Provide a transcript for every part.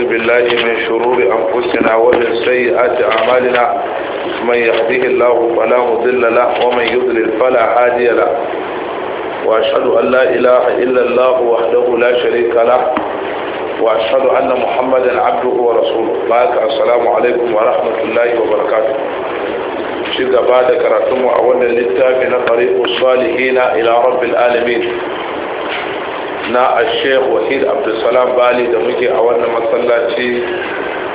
نعوذ بالله من شرور أنفسنا ومن سيئات أعمالنا من يهده الله فلا مضل له ومن يضلل فلا هادي له وأشهد أن لا إله إلا الله وحده لا شريك له وأشهد أن محمدا عبده ورسوله بارك السلام عليكم ورحمة الله وبركاته شد بعد كراتمه أولا للتابع طريق الصالحين إلى رب العالمين na a sheikh wahid abdulsalam bali da muke a wannan masallaci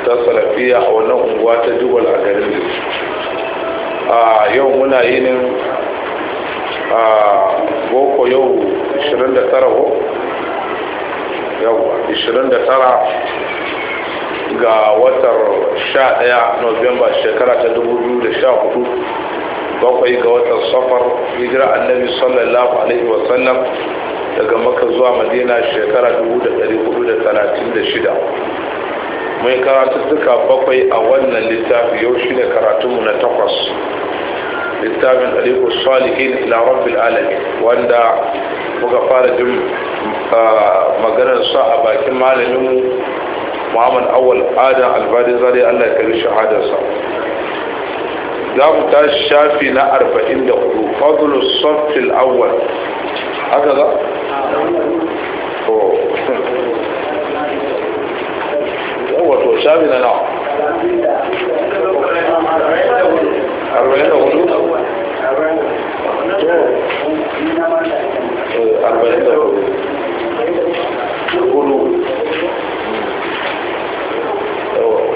ta salafiya a wannan unguwa ta jubal a garin a yau muna yinin a boko yau 29 29 ga watar 11 novemba shekara ta 2014 bakwai ga watan safar hijira annabi sallallahu alaihi wasallam daga maka zuwa madina shekara Mun mai karatuttuka bakwai a wannan littafi yau shi ne karatunmu na takwas littafin ɗariƙu salihin ila rabbil alamin wanda muka fara jin maganar sa a bakin malaminmu muhammad awal adam albadi zare allah ya kari shahadarsa za mu ta shafi na 44 fadlus soft awwal haka za wato shafi na nawa arba'in da hudu arba'in da hudu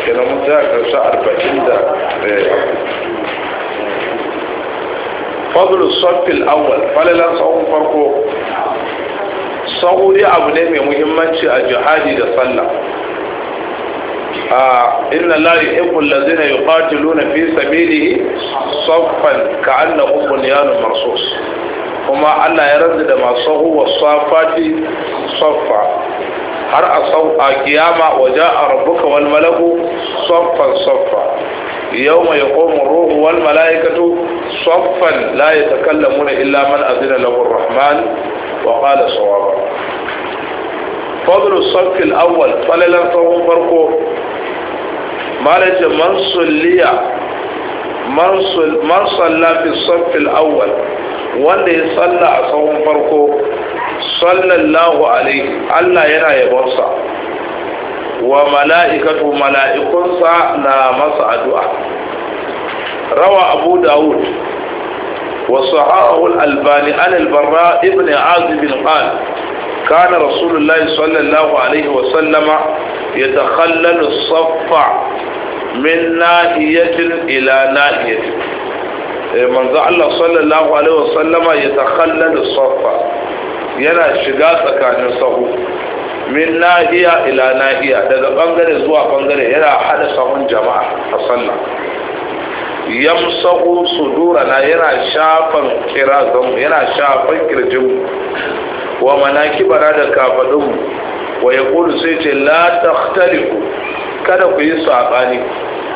kenan mun ta karshe arba'in da فضل الصف الاول فلا صوم فرقو صوم دي ابو ده مي مهمانتي الجهادي صلى آه، ان الله يحب الذين يقاتلون في سبيله صفا كانه بنيان مرصوص وما الله يرد ده ما صحو والصافات صفا هر اصوا آه، قيامه وجاء ربك والملك صفا صفا يوم يقوم الروح والملائكة صفا لا يتكلمون إلا من أذن له الرحمن وقال صوابا فضل الصف الأول فللا فهم فرقه ما ليس من صلي من صلى في الصف الأول wanda ya salla a tsawon farko sallallahu alaihi Allah yana yabonsa وملائكته ملائكة mala'ikunsa na masa روى أبو داود وصححه الألباني عن البراء ابن عازب قال كان رسول الله صلى الله عليه وسلم يتخلل الصفع من ناحية إلى ناحية إيه، من الله صلى الله عليه وسلم يتخلل الصفع ينا شقاء كان صفه min nahiya ila nahiya daga bangare zuwa bangare yana hada sahun jama'a a sallah yamsahu sudurana yana shafan kirazan yana shafan kirjin wa manakibara da kafadun wa ya yaqulu sai ce la takhtalifu kada ku yi sabani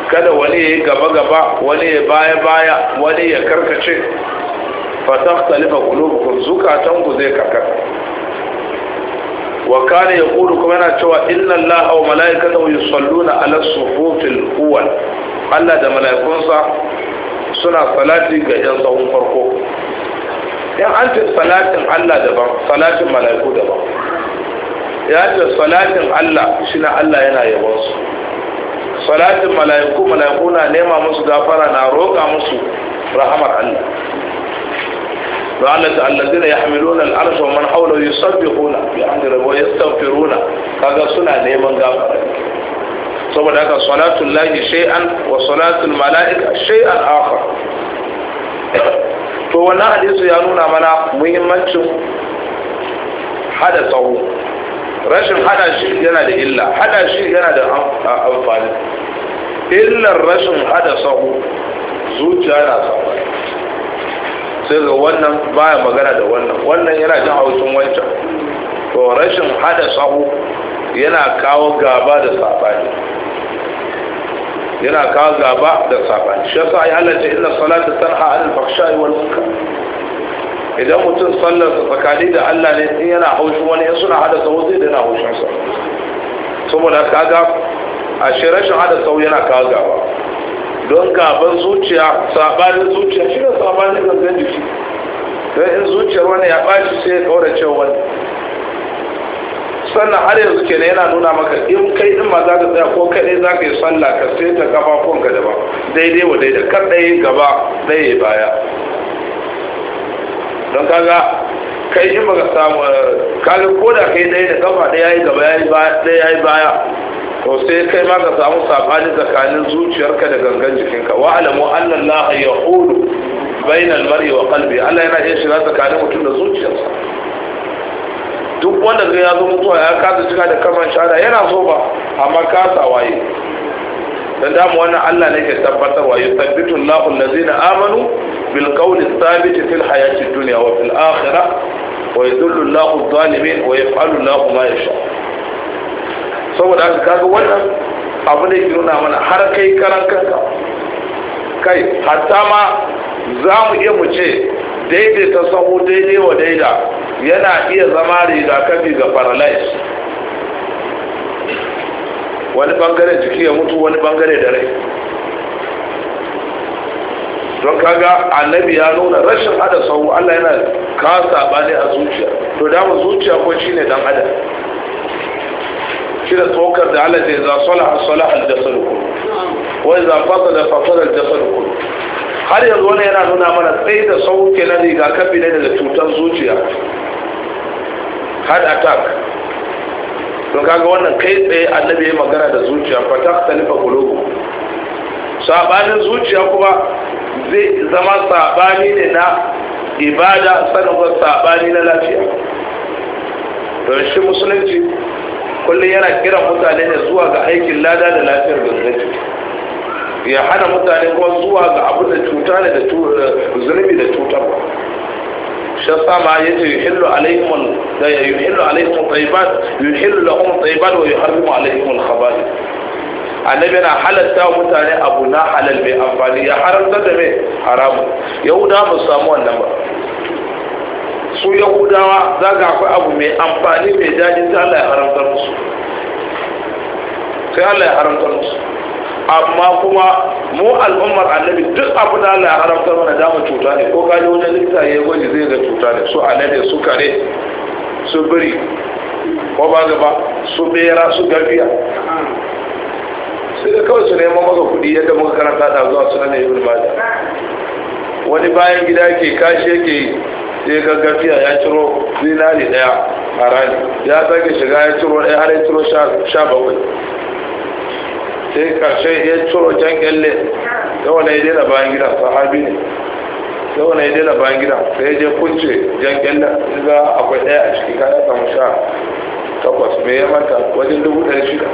kada wani ya yi gaba-gaba wani ya baya-baya wani ya karkace fa fatakhtalifa qulubukum ku zai karkata wa Yahudu kuma yana cewa inna allaha wa malaikatahu yusalluna ala sufufil awwal Allah da malaikunsa suna salati ga yan sahun farko yan an ce Allah daban salatin malaiku daban ya ce salatin Allah shi Allah yana yabon su malaiku malaiku na nema musu gafara na roƙa musu rahamar Allah قالت الذين يحملون العرش ومن حوله يسبحون بحمد ويستغفرون kaga suna neman gafara saboda haka salatul lahi shay'an wa salatul mala'ika shay'an akhar to ya nuna mana muhimmancin hada rashin hada shi yana da illa hada shi yana da amfani illar rashin hada sahu zuciya na tsawo sai ga wannan baya magana da wannan wannan yana jin hausun wancan to rashin hada sahu yana kawo gaba da sabani yana kawo gaba da sabani shi yasa Allah halatta inna salata tanha anil fakhsha'i wal munkar idan mutum sallar sa tsakani da Allah ne in yana haushin wani in suna hada sahu zai dana haushin sa saboda kaga a shi rashin hada sahu yana kawo gaba don gaban zuciya sabanin zuciya shi ne sabanin gangan jiki don in zuciyar wani ya ɓaci sai ya ƙaurace wani sannan har yanzu ne yana nuna maka in kai in ma za ka tsaya ko kaɗai za ka yi sallah ka sai ta ko ga daba daidai wa daidai kaɗai gaba ɗaya baya don kaga kai in baka samu kalin ko da kai ɗaya da kafa ɗaya yayi gaba yayi baya ɗaya yayi baya to sai kai ma ka samu sabani tsakanin zuciyarka da gangan jikinka wa alamu anna Allah yahulu bainal mar'i wa qalbi Allah yana iya shiga tsakanin mutum da zuciyarsa duk wanda zai yazo zo mutuwa ya kasa cika da kaman shara yana so ba amma kasa waye dan damu wannan Allah ne ke tabbatarwa yusabbitu Allahu allazina amanu بالقول الثابت في الحياة الدنيا وفي الآخرة ويذل الله الظالمين ويفعل الله ما يشاء saboda haka kaga wannan abu ne ke nuna mana har kai karan kanka kai hatta ma za mu iya mu ce daidaita ta sahu daidai wa daida yana iya zama rigakafi ga paralyze wani bangare jiki ya mutu wani bangare da rai don kaga annabi ya nuna rashin hada sahu Allah yana ka ne a zuciya to da mu zuciya ko shine dan adam shi da tokar da Allah zai za salaha salaha al-jasad kullu wa idza fasada fasada al-jasad kullu har yanzu wannan yana nuna mana sai da sahu kenan kafi ne daga cutar zuciya heart attack to kaga wannan kai tsaye annabi ya magana da zuciya fata talifa qulubu sabanin zuciya kuma zai zama saɓani ne na ibada sanarwar saɓani na lafiya don shi musulunci kullum yana kiran mutane ne zuwa ga aikin lada da lafiyar gangan ya hana mutane kuma zuwa ga abin da cuta ne da zunubi da cutarwa شسما يحل عليهم يحل عليهم الطيبات يحل لهم الطيبات ويحرم عليهم الخبائث annabi na halatta mutane abu na halal mai amfani ya haramta da mai haramu yahuda ba samu wannan ba su yahudawa za ga akwai abu mai amfani mai daji ta Allah ya haramta musu sai Allah ya haramta musu amma kuma mu al'ummar annabi duk abu da Allah ya haramta mana dama cuta ne ko kaji wani likita ya gwaji zai ga cuta ne su annabi su kare su biri ko ba gaba su bera su gafiya sai kawai su neman maka kudi yadda muka karanta da zuwa su ne yi mali wani bayan gida ke kashi yake sai gaggafiya gafiya ya ciro zinari daya a rani ya sake shiga ya ciro ɗaya har ya ciro sha bakwai sai karshe ya ciro can kyalle yau na yi daina bayan gida sahabi ne yau na yi daina bayan gida sai ya je kunce jan kyalle ga akwai ɗaya a ciki ka ya samu sha takwas mai ya wajen dubu ɗari shida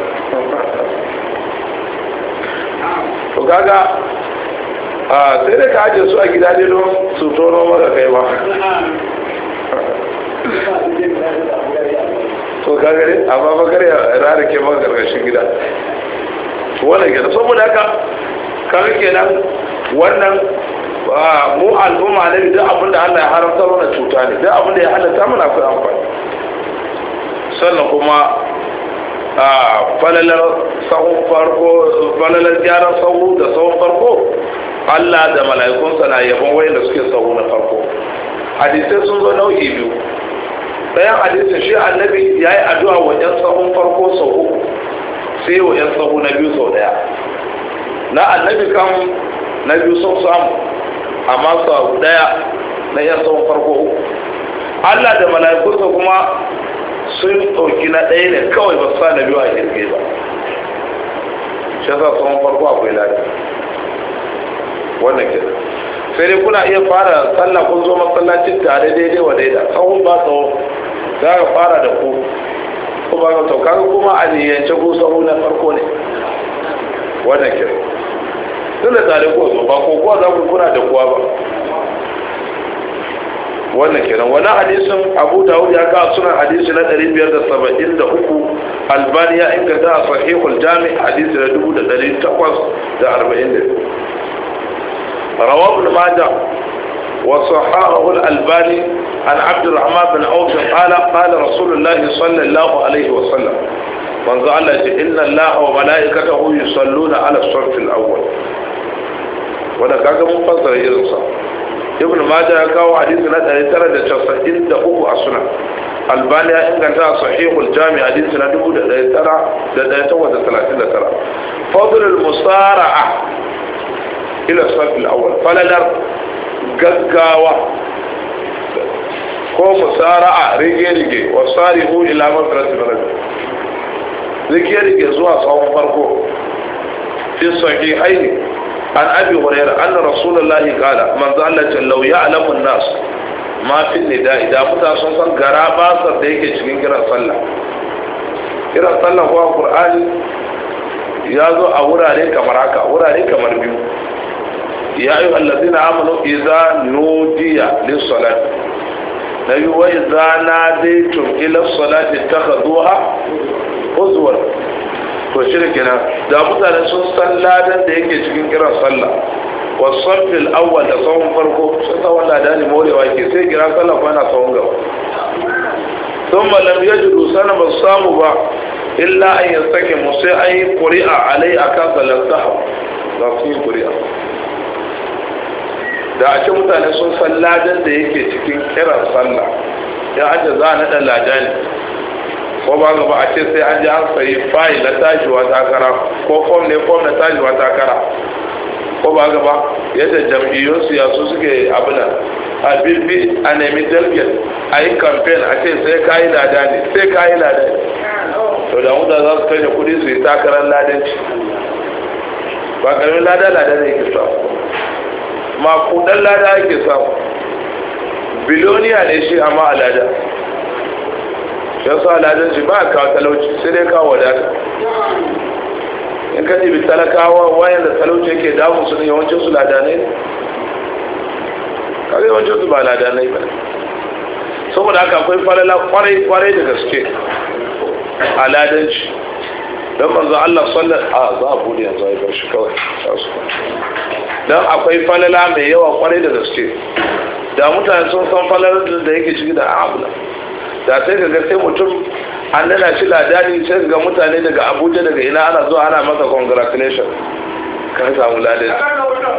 to kaga sai da ka ajiye su a gida ne don su tono maka kai ba to kaga ne amma bakar ya rari ke maka karkashin gida wannan gida saboda haka kaga kenan wannan mu al'umma ne duk abin da Allah ya haramta mana cuta ne duk abin da ya halatta mana akwai amfani sannan kuma falalar sahun farko falalar gyaran sahu da sahun farko Allah da mala'ikunsa na yabon da suke sahu na farko hadisai sun zo nau'i biyu ɗayan hadisin shi annabi ya yi addu'a wa ƴan sahun farko sau uku sai wa ƴan sahu na biyu sau ɗaya na annabi kan na biyu sun samu amma sau ɗaya na ƴan sahun farko uku Allah da mala'ikunsa kuma sun ɗauki na ɗaya ne kawai ba sa na biyu a girge ba shi yasa tsohon farko akwai lari wannan kenan sai dai kuna iya fara sallah kun zo masallacin tare daidai wa daida tsawon ba tsawo za ka fara da ku ko ba ka tauka kuma a niyyance ko tsawo na farko ne wannan kenan da tare ko zo ba ko kuwa za ku kuna da kuwa ba wannan kenan wani hadisin abu dawud ya ka suna hadisi na 573 albani ya inganta a sahihul jami hadisi na 1840 rawab al-mada wa sahahul albani an abdurrahman bin aushin kala da rasulullahi sallallahu alaihi wasallam wanzu allah ce inna allah wa mala'ikata hu yi salluna ala sarfin awwal wadda kaga mun fasara irinsa ibn majah ya kawo hadisi na 993 a sunan albani ya inganta a sahihul jami hadisi na 1939 fadlul musara'a ila safil awwal falalar gaggawa ko musara'a rige-rige wa tsari ila madrasa balaga rige-rige zuwa tsawon farko fi sahihaini an abi hurairah anna rasulullahi qala manzo Allah ce law ya'lamu an-nas ma fi nida idan mutane sun san gara basar da yake cikin kiran sallah kiran sallah kuwa qur'ani ya zo a wurare kamar haka wurare kamar biyu ya yi allazina amanu iza nudiya lissalati na yi wa iza na ila salati ta ka to shi kenan da mutane sun san ladan da yake cikin kiran sallah wasafil awwal da tsawon farko sun tsawon lada ne morewa ke sai kira sallah ko yana tsawon gaba sun malam ya jiru sana ba samu ba illa an yi sake mu sai an yi kuri'a alai a kan salar sahab za su yi kuri'a da a ce mutane sun san ladan da yake cikin kiran sallah ya ajiye za a naɗa lada ne ko ba ga ba a ce sai an ji an sayi fai na tashi wa takara ko fom ne fom na tashi wa takara ko ba ga ba yadda jam'iyyun siyasu suke abuna a bilbi a nemi delegate a yi campaign a ce sai kayi lada ne sai kayi lada ne to da wuta za su kai kudi su yi takarar ladanci ba karamin lada lada ne yake samu ma kudan lada yake samu biloniya ne shi amma a lada don su alhajanci ba a kawo talauci sai dai kawo wadata in ka ɗibi talakawa wayan da talauci yake damun su ne yawancin su ladanai ne kare yawancin su ba ladanai ba saboda haka akwai falala kwarai kwarai da gaske a ladanci don manzo Allah sallar a za a buɗe yanzu a bar shi kawai don akwai falala mai yawa kwarai da gaske da mutane sun san falalar da yake ciki da abu da sai ga sai mutum an nana shi ladani sai ga mutane daga abuja daga ina ana zuwa ana masa congratulation ka samu ladanci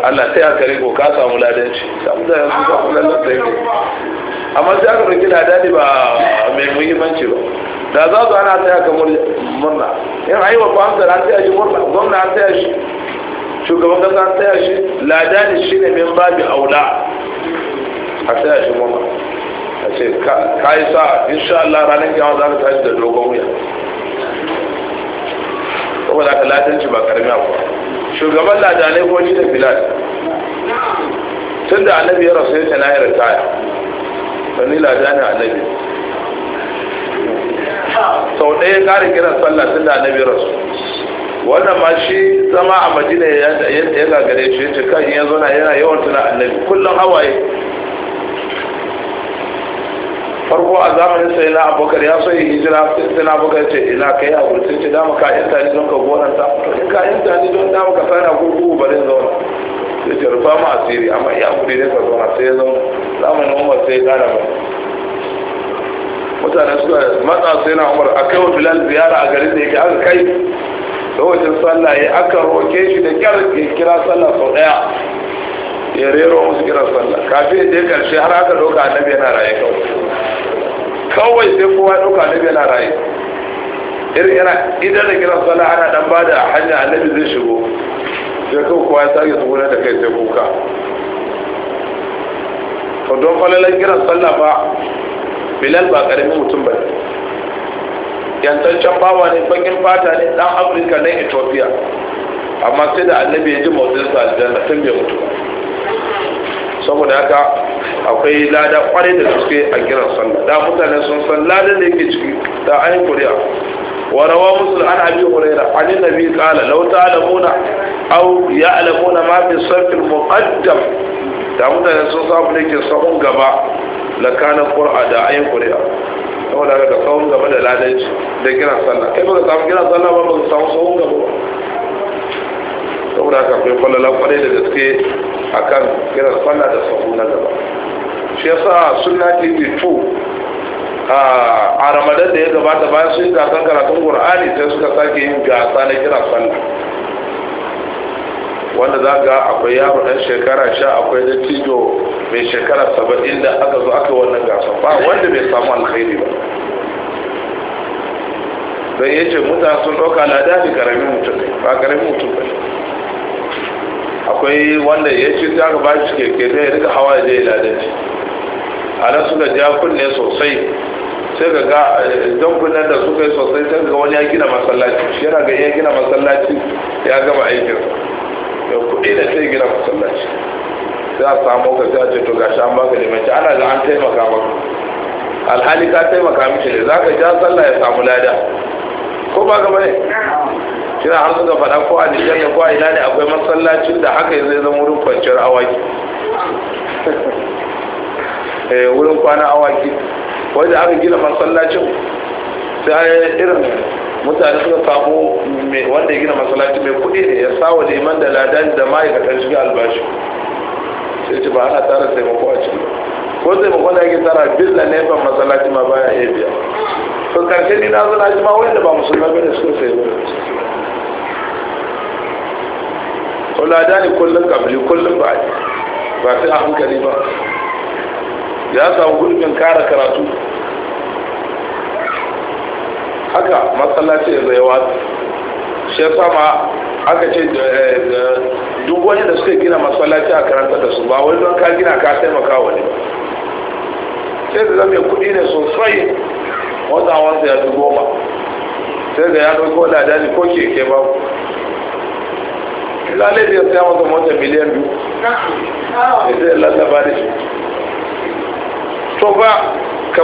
allah sai aka riko ka samu ladanci samu da yanzu samu ladanci ne amma sai aka ɗauki ladani ba mai muhimmanci ba da za su ana sai aka murna in aiwa famsar an sai shi murna gwamna an sai shi shugaban kasa an sai shi ladani shine min babi aula a sai shi murna a ce ka yi sa'a insha Allah ranar kyawa za ka tashi da dogon wuya saboda ka latinci ba karami abu shugaban lajanai ko ni da bilal tun da annabi ya rasu ya na yi ritaya sani ladanin annabi sau ɗaya ƙari kiran sallah tun da annabi ya rasu wannan ma shi zama a majina ya gagare shi ya ce kan yanzu na yana yawan tuna annabi kullum hawaye farko a zamanin sai na abokar ya so yi hijira sai na abokar ce ina yi abu sai ce dama ka yanta ni don ka gonanta in ka yanta ni don dama ka sana gurgu ba zai zauna sai ce rufa ma asiri amma ya kudi ne ka zauna sai ya zauna zamanin umar sai ya kara Mutane mutane suka matsa sai na umar a kai wa bilal ziyara a garin da yake aka kai lokacin sallah ya aka roke shi da kyar ya kira sallah sau daya ya rero musu kiran sallah kafin ya je karshe har aka ɗauka annabi yana raye kawai kawai sai kowa doka ɗauka annabi yana raye irin yana idan da kiran sallah ana dan bada hanya annabi zai shigo sai kawai kowa ya sake tsugunar da kai sai kuka to don falalan kiran sallah ba bilal ba karamin mutum ba ne yantaccen bawa ne bakin fata ne dan afirka na ethiopia amma sai da annabi ya ji motsin sa aljanna tun bai mutu ba saboda haka akwai lada kwarai da suke a kiran sallah da mutane sun san lada da yake ciki da ayin kuriya wa rawa musul an abi kuraira an annabi qala law au ya alamuna ma fi safi muqaddam da mutane sun san abin da ke sahun gaba la kana qur'a da ayin kuriya saboda haka sahun gaba da ladanci da kiran sallah kai ba ka samu kiran sallah ba ba ka samu sahun gaba saboda haka akwai kwallala kwarai da gaske akan kiran sallah da sahu na gaba shi yasa sunna tv 2 a ramadan da ya gabata bayan sun yi gasan karatun qur'ani sai suka sake yin gasa na kiran sallah wanda za ga akwai yaro dan shekara sha akwai da tijo mai shekara saba'in da aka zo aka wannan gasa ba wanda bai samu alkhairi ba don yace mutane sun ɗauka lada ne karamin mutum ba karamin mutum ba akwai wanda ya ce ta ba shi keke zai rika hawa ya zai ladanci a nan suka ja kunne sosai sai ga ga eh, don kunnen da suka yi sosai sai ga wani ya gina masallaci shi yana ga iya gina masallaci ya gama aikin ya kuɗi da sai gina masallaci sai a samu ka sai a ce to gashi an baka limanci ana ga an taimaka maka alhali ka taimaka miki ne za ka ja sallah ya samu lada ko ba gaba ne kina har suka faɗa ko a nijar da ko a ina ne akwai masallacin da haka zai zama wurin kwanciyar awaki eh, wurin kwana awaki wanda aka gina masallacin sai irin mutane suka samu wanda ya gina masallacin mai kuɗi ne ya sawa liman da ladan da ma'aikatan shiga albashi sai ce ba ana tara taimako a ciki ko sai mako da yake tara bil ne nefa masallaci ma baya iya biya to karshe ni na zana ji ma wanda ba musulma ba ne sun sai to da ni kullum kabili kullum ba ba sai a hankali ba ya samu gurbin kara karatu haka masallaci ya zai wata. shi yasa ma aka ce eh, eh, duk wani da suka gina masallaci a karanta da su ba wani don ka gina ka taimaka wani sai da zama kuɗi ne sosai wanda wansa ya dubo ba sai da ya da dani ko keke ba lalai da ya sai masa mota miliyan biyu da zai lalaba da shi to ba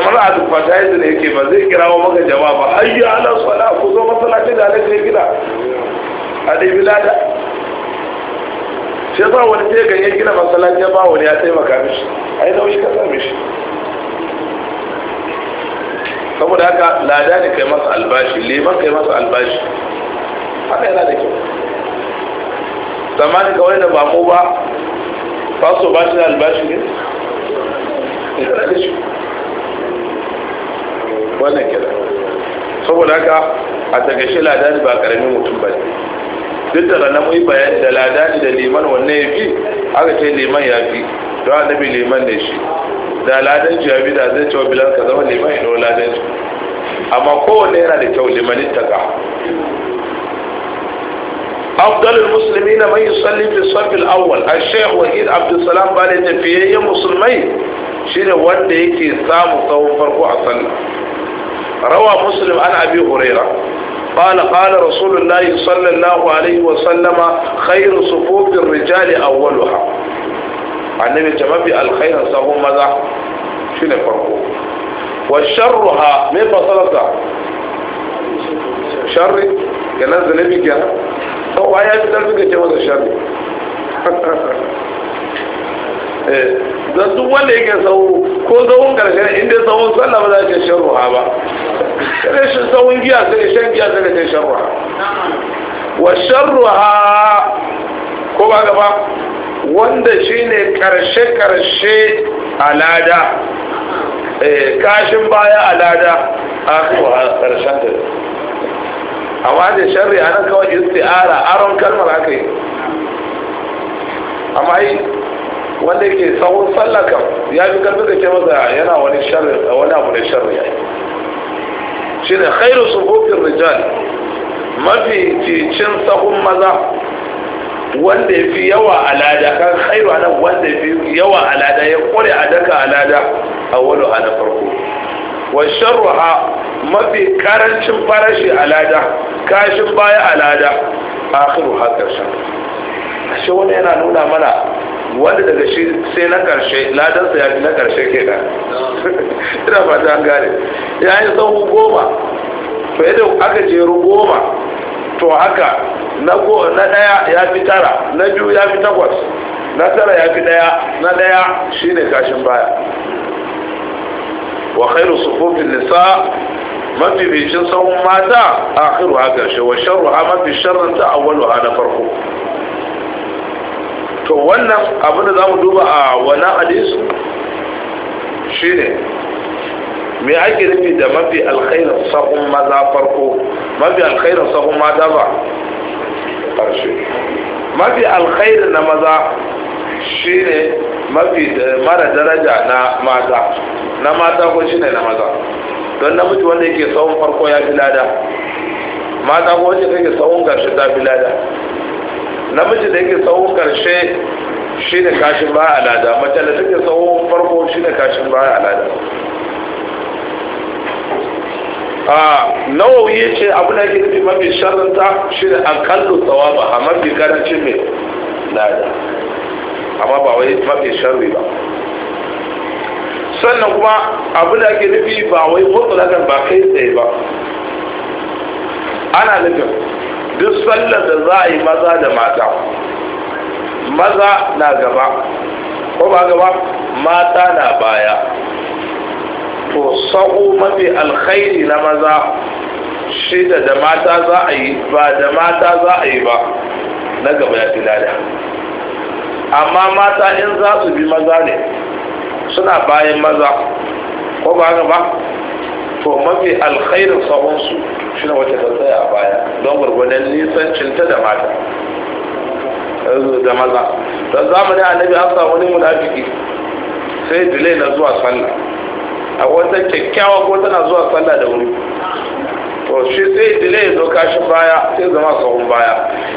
kamar a fatayin da yake ba zai kirawo maka jama'a ba ayyu ala sala ku zo masallaci da alaƙa gina a dai bilada sai ba wani sai ga gina masallaci ba wani ya taimaka mishi ai da nauyi ka same shi saboda haka lada ne kai masa albashi liman kai masa albashi haka yana da kyau zamani ga wani da ba mu ba faso ba da albashi ne yana da shi wannan kira saboda haka a daga shi ladadi ba karamin mutum ba ne duk da ranar mai bayan da ladadi da liman wanne ya fi aka ce liman ya fi don a nabi liman da shi da ladan ya fi da zai cewa bilan ka zama liman ya nuna ladan ji amma kowane yana da kyau limanin ta ka afdal musulmi mai yusalli fi sabbin awal a shek wahid abdulsalam ba da tafiyayyen musulmai shi ne wanda yake samu tsawon farko a sallah روى مسلم عن أبي هريرة قال قال رسول الله صلى الله عليه وسلم خير صفوف الرجال أولها النبي جمع الخير سهو ماذا شنو فرقه وشرها من بصلتها sharri kenan zanabi kenan sau ya fi ƙarfi ga ce masa sharri zan eh, duk wanda yake sau ko zaun karshen inda zaun sallah ba za ka shan ruwa ba kare shi zaun giya sai shan giya sai ka shan ruwa wa shan ruwa ko ba gaba wanda shine karshe karshe alada eh, kashin baya alada a karshen ta amma da sharri a nan kawai isti'ara aron kalmar aka yi amma yi wanda ke sahun sallah kam ya fi karfi da ke masa yana wani sharri wani abu da sharri yayi shine khairu suhufin rijal mafi cicin sahun maza wanda ya fi yawa alada kan khairu anan wanda ya fi yawa alada ya kore a daka alada a wani a na farko wa sharruha mafi karancin farashi alada kashin baya alada akhiru ha karshen shi wani yana nuna mana wanda daga shi sai na karshe ladansa ya fi na karshe ke da ina fata an gane ya yi tsawo goma to yadda aka jeru goma to haka na ɗaya ya fi tara na biyu ya fi takwas na tara ya fi ɗaya na ɗaya shi ne kashin baya wa khairu sufufin nisa mafi bicin sahun mata a akhiru ha karshe wa sharru a mafi sharrin ta awwalu na farko to wannan abin da za mu duba a wannan hadisu shi ne me ake nufi da mafi alkhairin sahun maza farko mafi alkhairin sahun mata ba ƙarshe mafi alkhairin na maza shi ne mafi mara daraja na mata na mata ko shi ne na maza don namiji wanda yake sahun farko ya fi lada mata ko wanda yake sahun ƙarshe ta fi lada namiji da yake tsawo karshe shi ne kashin baya alada mace da take tsawo farko shi ne kashin baya alada nawawi ya ce abu da yake nufi mafi sharanta shi ne an kallo tsawa ba a mafi karancin mai lada amma ba wai mafi sharri ba sannan kuma abu da ake nufi ba wai mutsalakan ba kai tsaye ba ana nufin duk sallar da za a yi maza da mata maza na gaba ko ba gaba mata na baya to sa'o mafi alkhairi na maza shida da mata za a yi ba da mata za a yi ba na gaba ya fi lada amma mata in za su bi maza ne suna bayan maza ko ba gaba to mafi alkhairin sahunsu shi na wace ta tsaye a baya don gwargwadon nisan cinta da mata da maza don zamani nabi an samu wani munafiki sai dule na zuwa sallah a wata kyakkyawa ko tana zuwa sallah da wuri to shi sai dule ya zo kashi baya sai zama sahun baya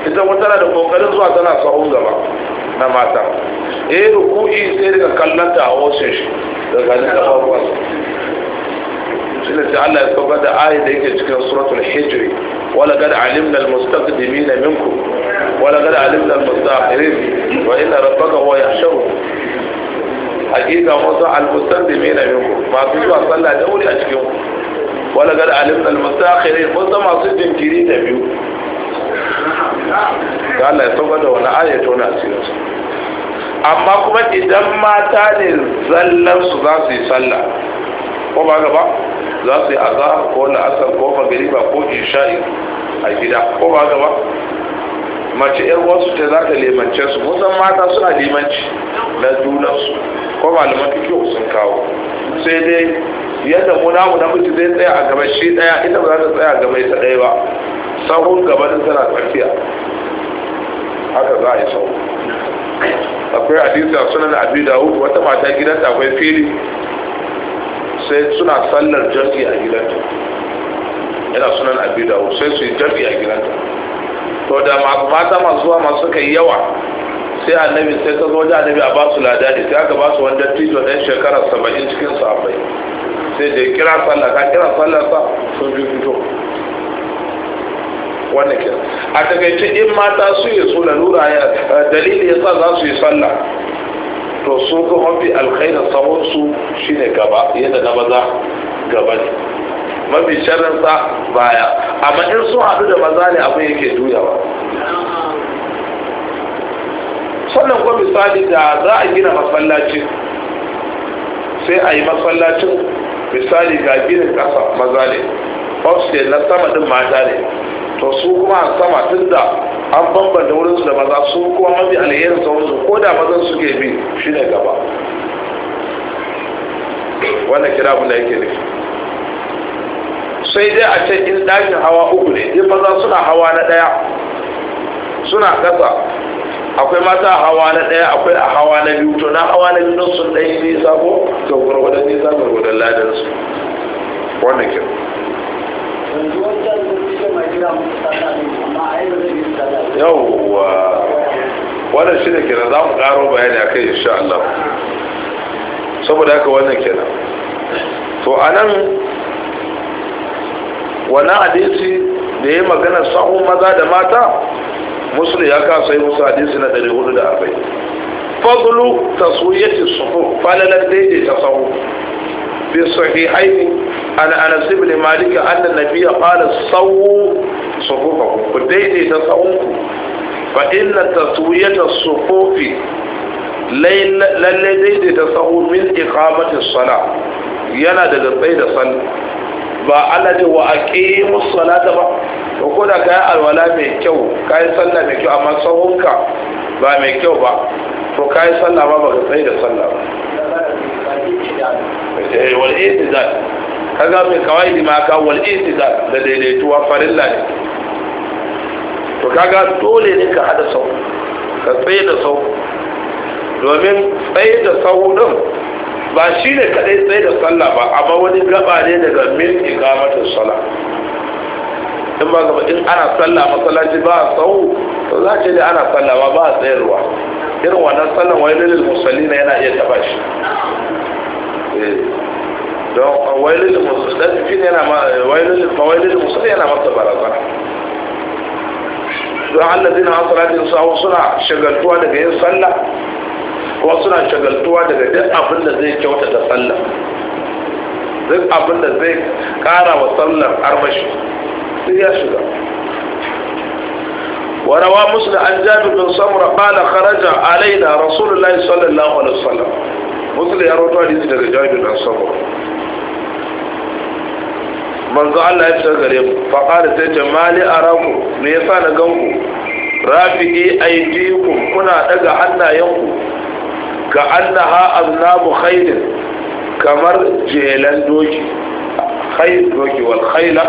ita wata tana da kokarin zuwa tana sahun gaba na mata eh ruku'i sai daga kallon ta a wasu shi daga ganin kafafuwansa shine sai Allah ya saukar da ayat da yake cikin suratul hijr wala qad alimna almustaqdimina minku. wala qad alimna almustakhirin wa inna rabbaka huwa yahshuru hakika musa almustaqdimina minkum minku. Masu zuwa sallah da wuri a cikin wala qad alimna almustakhirin musa masu jinkiri da biyu da Allah ya saukar da wani ayat wani asirinsu amma kuma idan mata ne zallan su za su yi sallah ko ba gaba za su yi aza ko la'asar ko ba ko isha'i a gida ko ba gaba mace yan wasu ta za ta limance su musan mata suna limanci na su. ko malaman kyau sun kawo sai dai yadda muna mu namiji zai tsaya a gaban shi daya ita ba za ta tsaya a gaban ita daya ba sahun gaban tana tsakiya haka za a yi sahu akwai hadisi a sunan abu da wata mata gidanta akwai fili sai suna sallar jam'i a gidanta yana sunan abi dawo sai su yi jam'i a gidanta to da mata masu zuwa masu kai yi yawa sai annabi sai ta zo da annabi a basu ladani sai aka basu wani dattijo ɗan shekara saba'in cikin sahabbai sai da kira sallah ka kira sallah sa sun ji fito wannan kira a takaice in mata su yi su lalura ya dalili ya sa za su yi sallah to su ga mafi alkhairin sahun su shine gaba yadda na maza gaba ne mafi sharrin baya amma in sun haɗu da maza ne abin yake duyawa sannan kuma misali da za a gina masallacin sai a yi masallacin misali ga ginin ƙasa maza ne na sama din mata ne to su kuma a sama tun da an bambanta wurinsu da maza su kuma mafi alherin sauransu ko da mazan suke bi shi ne gaba wannan kira abin da yake ne sai dai a ce in ɗakin hawa uku ne in maza suna hawa na ɗaya suna ƙasa akwai mata hawa na ɗaya akwai a hawa na biyu to na hawa na biyu sun ɗaya nisa ko ga gwargwadon nisa gwargwadon ladansu wannan kira yawwa wannan shi ne kenan za mu ƙaro bayani a kai insha Allah saboda haka wannan kenan to a nan wannan hadisi da ya magana sahu maza da mata musul ya kasa yi musu hadisi na 440 fadlu taswiyati sufu falalar daidaita sahu fi sahihaini an anas ibn malik anna nabiyya qala sawu sufufakum ku daidaita sawunku fa inna taswiyata sufufi lalle daidaita sahu min iqamati sala yana daga tsaye da ba Allah ne wa aqimu salata ba to ko da kai alwala mai kyau kai sallah mai kyau amma sahunka ba mai kyau ba to kai sallah ba ba tsaya da sallah ba eh wal i'tidal kaga mai kawai ma ka wal i'tidal da daidaituwa farilla ne to kaga dole ne ka hada sau ka tsaye da sau domin tsaye da sau din ba shi ne kadai tsaye da sallah ba amma wani gaba ne daga min ikamatin sallah in ba gaba in ana sallah masallaci ba a tsawo to za ce da ana sallah ba ba a tsayarwa irin wannan sallah wani lil musallina yana iya taba shi eh, don wailil fi yana ma wailil fawailil musallin yana masa barazana don allazina an salatin sawo suna shagaltuwa daga yin sallah kuma suna shagaltuwa daga duk abin da zai kyauta da sallah duk abin da zai kara wa sallar armashi sai ya shiga warawa musu da an jami'in bin samura bala kharaja alai da rasulullahi sallallahu alaihi wa sallam. da yaro tuwa disi daga jami'in bin samura manzo Allah ya fitar gare mu fa qala sai ce mali araku me yasa na ganku rafi'i aydikum kuna daga ku. ka annaha namu khairin kamar jelan doki khayr doki wal khayla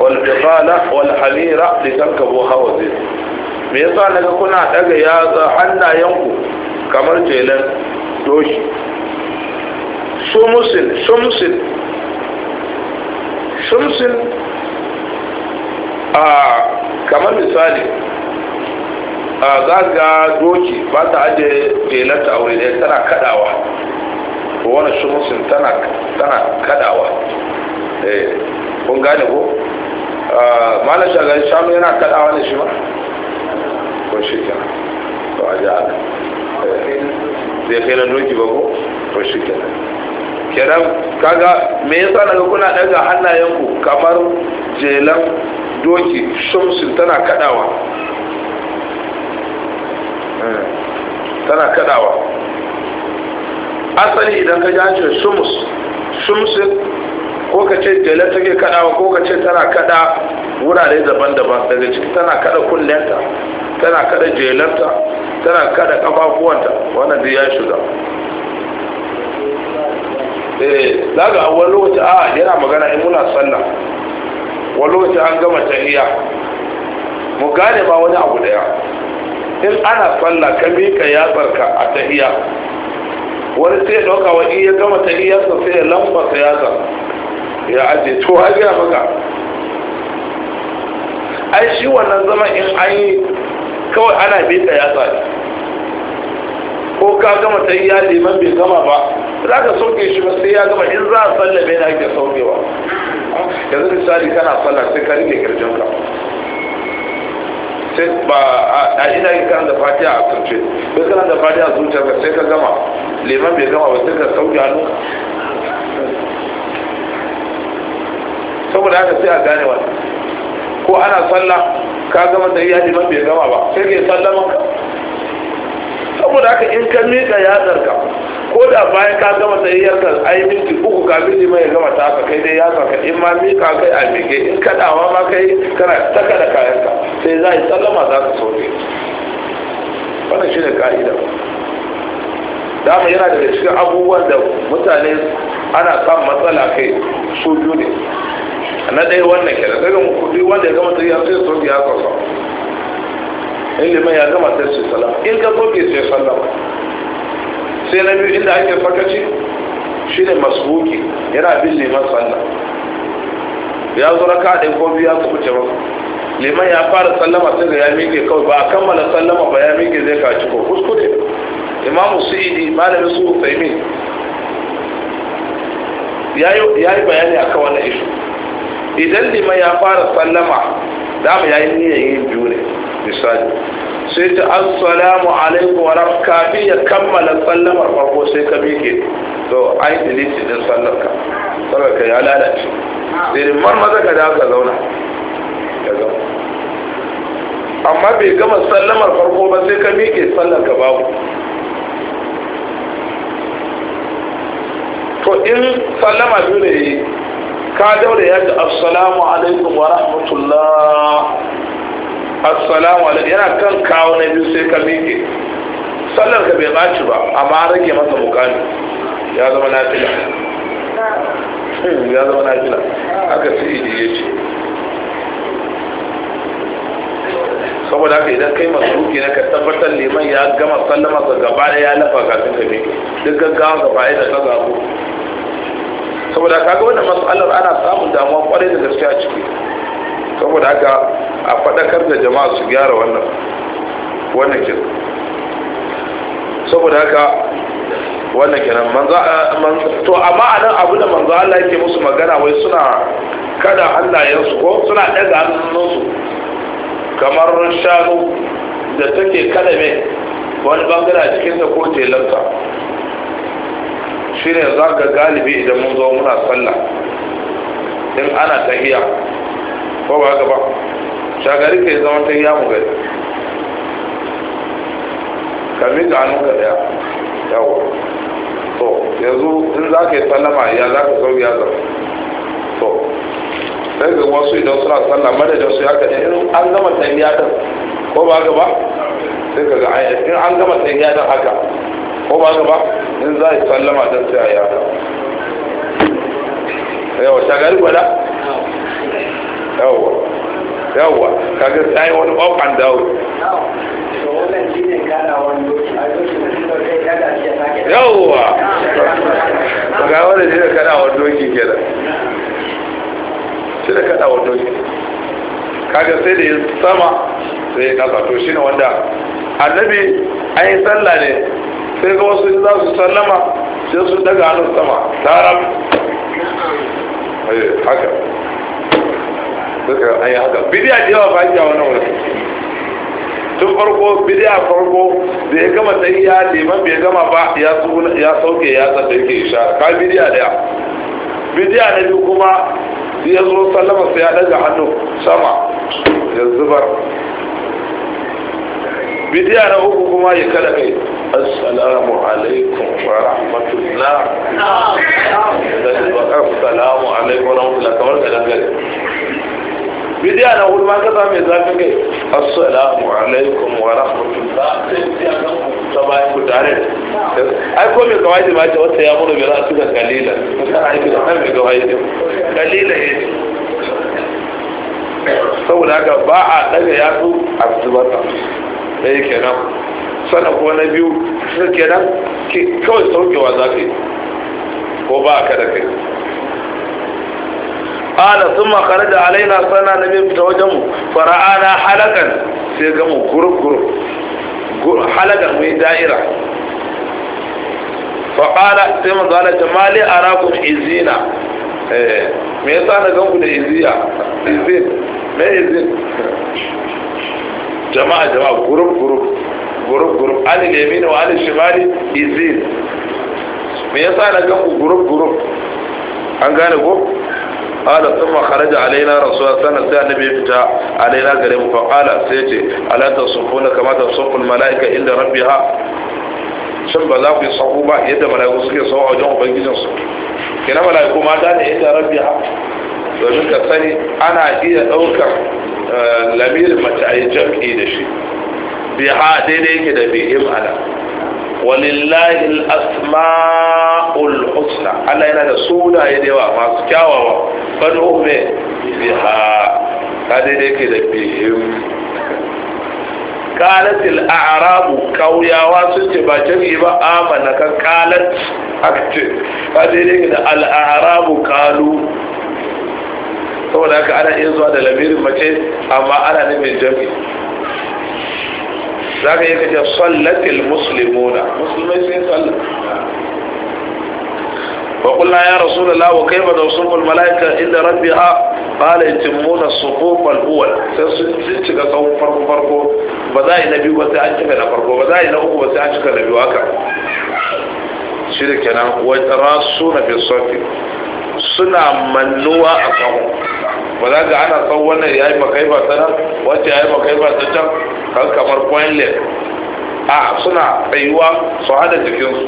wal biqala wal hamira hawa zai me yasa daga kuna daga yatsa hannayenku kamar jelan doki sumusin sumsin sumsin a kamar misali za ga doki ba ta aje renata a wuri ɗaya tana kadawa wani shumusin tana kadawa eh, kun gane ko malar shagari shanu yana kadawa ne shi ba ko shi kenan to a ja ala eh, zai kai na doki ba ko Kun shi kenan kenan kaga me yasa daga kuna daga hannayenku kamar jelan doki shumusin tana kadawa tana kadawa asali idan ka ji an ce ko ka ce jela take kadawa ko ka ce tana kada wurare daban-daban daga ciki tana kada kullenta tana kada jelarta tana kada kafafuwanta wannan da ya shiga eh daga awon lokaci a yana magana in muna sallah wani lokaci an gama tahiya mu gane ma wani abu daya in ana sallah ka miƙa barka a tahiya wani sai ya ɗauka wa iya gama sa sai ya lamba yatsa ya aje to a gina maka ai shi wannan zama in an yi kawai ana miƙa yatsa ko ka gama tahiya liman bai gama ba za ka sauke shi ba sai ya gama in za a bai na ake saukewa yanzu misali kana sallah sai ka rike ka. sai ba a ina yi kan da fatiha a kunce bai kan da a zuciya ka sai ka gama liman bai gama ba sai ka sauke hannu saboda haka sai a gane wani ko ana sallah ka gama da iya liman bai gama ba sai ka yi sallaman ka saboda haka in ka miƙa yatsar ka ko da bayan ka gama tsayayyar ka ai minti uku ka lima mai gama ta haka kai dai ya saka in ma ka kai a mike in kadawa ma kai kana taka da kayan ka sai za a yi sallama za ka soke wannan shi ne ka'ida dama yana daga cikin abubuwan da mutane ana sa matsala kai su biyu ne na ɗaya wannan kenan daga kuɗi wanda ya gama tsayayyar sai soke ya sassa in liman ya gama sai su salama in ka soke sai sallama sai na biyu inda ake fakaci shi ne masbuki yana bin liman sallah ya zo raka da ko biyu ya kuɓuce masa liman ya fara sallama sai da ya miƙe kawai ba a kammala sallama ba ya miƙe zai kaci ko kuskure imamu su'idi malami su usaimin ya yi bayani a kawana ishu idan liman ya fara sallama dama ya yi niyan yin biyu ne misali sai ta assalamu alaikum wa kafin ya kammala sallamar farko sai ka miƙe to ai delete din sallar ka sallar ka ya lalace sai mar maza ka da ka zauna ka zauna amma bai gama sallamar farko ba sai ka miƙe sallar ka babu to in sallama biyu ne ka daure ya ga assalamu alaikum wa rahmatullah assalamu alaikum yana kan kawo na biyu sai ka miƙe sallar ka bai ɓaci ba amma an rage masa mukami ya zama na fila ya zama na fila aka ce sai ya ce saboda haka idan kai ruki na ka tabbatar liman ya gama sallama ga gaba da ya lafa kafin ka miƙe duk gaggawa gaba da ta zaɓo saboda kaga wannan matsalar ana samun damuwa kwarai da gaske a ciki saboda haka a faɗakar da jama'a su gyara wannan wannan kin saboda haka wannan kenan manzo eh, to amma a nan abu da manzo Allah yake musu magana wai suna kada hannayensu ko suna daga hannunsu kamar shanu da take kada me wani bangare a cikin ta lanta, shi shine za ka galibi idan mun zo muna sallah in ana tahiya ko ba gaba ba shagari ka yi zama ta yi yamu gari ka miƙa hannunka ya yawo to yanzu in za ka yi sallama ya za ka sauya zama to sai ga wasu idan suna sallah da su ya kaɗe irin an gama yi yadda ko ba gaba ba sai ka ga in an gama yi yadda haka ko ba gaba in za a yi sallama don sai a yi yadda yawa shagari gwada yawa yawa kaga tsaye wani up and down yawa ga wanda shi da kadawar doki kenan shi ne da kadawar doki kaga sai da yin sama sai ya kasa to ne wanda annabi an yi sallah ne sai ga wasu za su sallama sai su daga hannun sama taram eh, haka suka ayi haka bidiya da yawa ba a wannan wani tun farko bidiya farko da ya gama sai ya liman bai gama ba ya sauke ya tsada yake ishara ka bidiya daya bidiya na biyu kuma ya zo sallama sai ya daga hannu sama ya zubar bidiya na uku kuma ya kada kai assalamu alaikum wa rahmatullah da zai bakar salamu alaikum wa rahmatullah kamar da dangare bidiya na hudu ma kasa mai zafin kai assalamu alaikum wa rahmatullah sai bidiya kan ta bayan ku tare ai ko mai kawai da mace wata ya mura bira suka kalilan musan aiki da mai kawai da kalilan ya ce saboda haka ba a daga yatsu a zubata ɗaya kenan sana kuma na biyu kenan kawai saukewa zafi ko ba a kada kai qala thumma kharaja alaina sana nabi fita wajen mu fara'ana halakar sai ga mu gurguru halakan mu da'ira fa qala sai mu zala a rakun izina eh, me yasa na ganku da iziya izin me izin jama'a jama'a gurub gurub ali gurub alil wa ali shimali izin me yasa na ganku gurub gurub an gane ko qala thumma kharaja alaina rasul sallallahu sai annabi ya fita alaina gare mu fa qala sai ya ce ala tasufuna kama tasufu al malaika inda rabbiha shin ba za ku yi sahu ba yadda malaiku suke sahu a wajen ubangijinsu kina malaiku ma da ne inda rabbiha domin ka sani ana iya ɗaukar eh, lamirin mace a yi jam'i da shi bi ha daidai yake da bi imana walillahi al-asma'ul husna Allah yana da sunaye da yawa masu kyawawa fad'u me biha ka daidai ke da bihim ce ba كوياوا سنت با جمعي با امنا قالت اكت هذه ne arabu kalu, saboda haka ana iya zuwa da lamirin mace amma ana mai jami za ka yi kace sallatil muslimuna musulmai sun sallah فقلنا يا رسول الله وكيف نصوم الملائكة إن ربها قال يتمون الصفوف الأول سنتك صوم فرق فرق بدأي نبي وسأجك نفرق بدأي نبي وسأجك نبي وكا شركنا ويتراسون في الصف suna mannuwa a kawo ba za ga ana son wannan ya yi makai ba ta nan wacce ya yi makai ba ta can kan kamar point a suna tsayuwa su hada jikinsu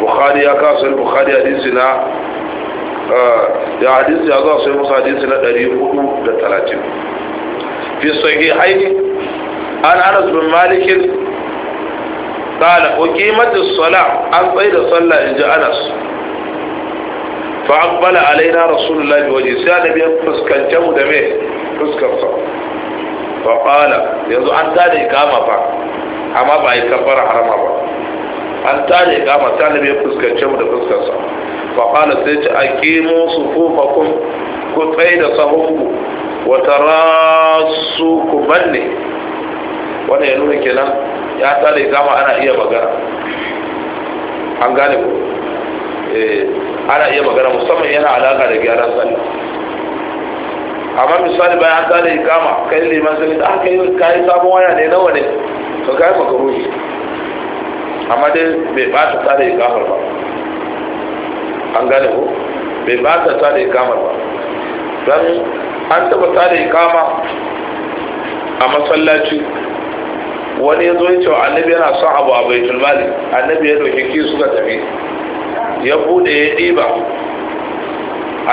bukhari ya kawo sai bukhari hadisi na eh, ya zuwa sai musa hadisi na 430 fi sahi haini an anas bin malikin kala ko kimatin sala an tsaye da sala in ji anas fa akbala alaina rasulullah bi waje sai da biyan fuskance mu da mai fuskarsa fa yanzu an tada ikama fa amma ba yi kafara harama ba an tare ya kama ta fuskance mu da fuskarsa fa kana sai ce aqimu sufufakum ku tsaye da sahunku wa tarasu ku banne wanda ya nuna kenan ya tare ya kama ana iya magana an gane ku eh, ana iya magana musamman yana alaka da gyaran sani amma misali bayan an tare ya kama kai liman sai ka ah, yi sabon waya ne nawa ne to kai makaruhi amma dai bai bata tsara ikamar ba an gane ko bai bata tsara ikamar ba don an taba tsara ikama a masallaci wani ya zo ya ce annabi yana son abu a bai tulmali annabi ya dauki ki suka tafi ya bude ya ɗiba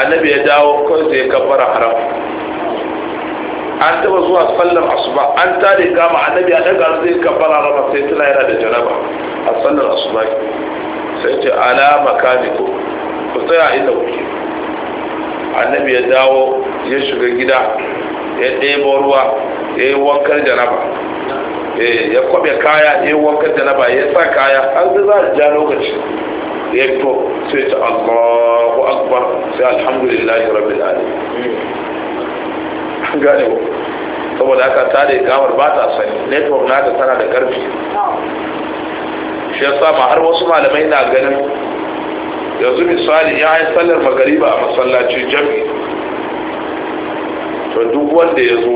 annabi ya dawo kawai sai ya kabbara haram an taba zuwa sallar asuba an tare kama annabi a daga zai kafara rama sai tana yana da janaba a sallar asuba sai ce ala makaniku ku tsaya inda kuke annabi ya dawo ya shiga gida ya ɗebo ruwa ya yi wankar janaba eh, ya kwabe kaya ya yi wankar janaba ya sa kaya an zai za a ja lokaci ya fito sai ta allahu akbar sai alhamdulillahi rabbil alamin gane ko saboda haka ta da ba ta sani network da tana da karfi shi ya ma har wasu malamai na ganin yanzu misali ya yi sallar magariba a masallacin jami'i to duk wanda ya zo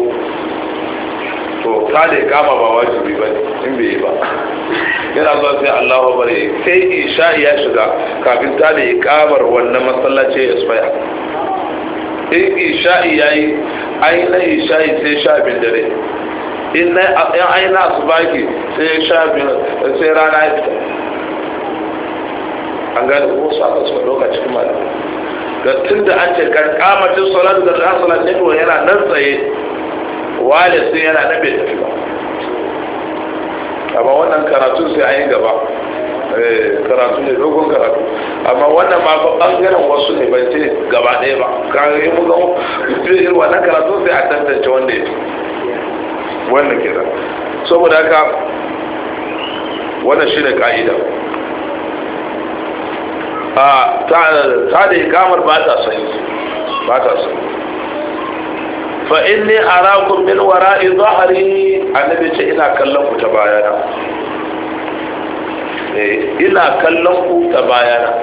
to ta da ikama ba wajibi ba in bai yi ba yana zuwa sai Allah bare sai isha ya shiga kafin ta da ikamar wannan masallaci ya tsaya in eh, isha'i ya yi ainihin isha'i sai sha bin dare in aina su baki sai sha bin sai rana ya fita an gane wasu aka suka ɗauka cikin malamai ga tun da an ce karkamacin salat da ran salat ne ko yana nan tsaye wale sai yana na bai tafi ba amma wannan karatun sai a yi gaba Eh, karatu ne dogon karatu amma wannan ma ba bangaren wasu ne bai ce gaba ɗaya ba kaga yi muka irin wannan karatu sai a tantance wanda ya wannan kenan saboda haka wannan shi ne ka'ida a ta da ikamar ba ta sayi ba ta sayi fa inni arakum min wara'i zahri annabi ce ina kallon ku ta bayana Eh, ina kallon ku ta bayana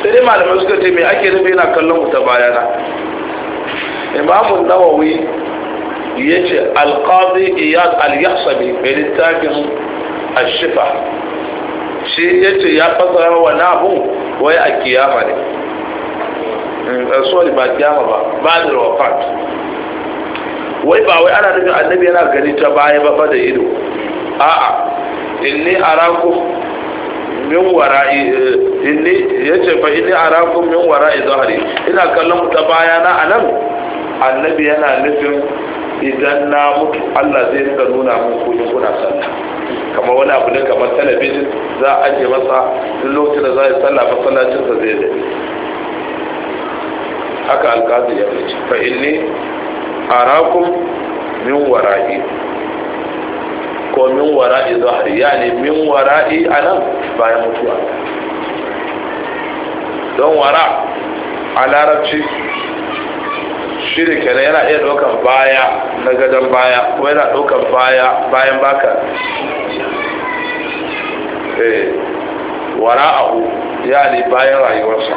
sai dai malamai suka ce me ake nufi ina kallon ku ta bayana imamu nawawi ya ce alƙazi iyad al yasabi mai littafin ashifa shi ya ce ya fasara wa nahu wai a kiyama ne mm, eh, sorry ba kiyama ba ba da wafat wai ba wai ana nufin annabi yana gani ta baya ba da ido a'a inni arakum min wara'i inni yace fa inni arakum min wara'i zahri ina kallon ta baya na anan annabi yana nufin idan na mutu Allah zai rika nuna mun kudin kuna sallah kamar wani abu ne kamar talabijin za a ajiye masa duk lokacin da za a yi sallacin sa zai da haka alƙazi ya fice fa inni arakum min wara'i ko min wara'i zahri yani min wara'i anan bayan mutuwa don wara a larabci shi kenan yana iya ɗaukan baya na gadon baya ko yana ɗaukan baya bayan baka eh, wara abu yani bayan rayuwarsa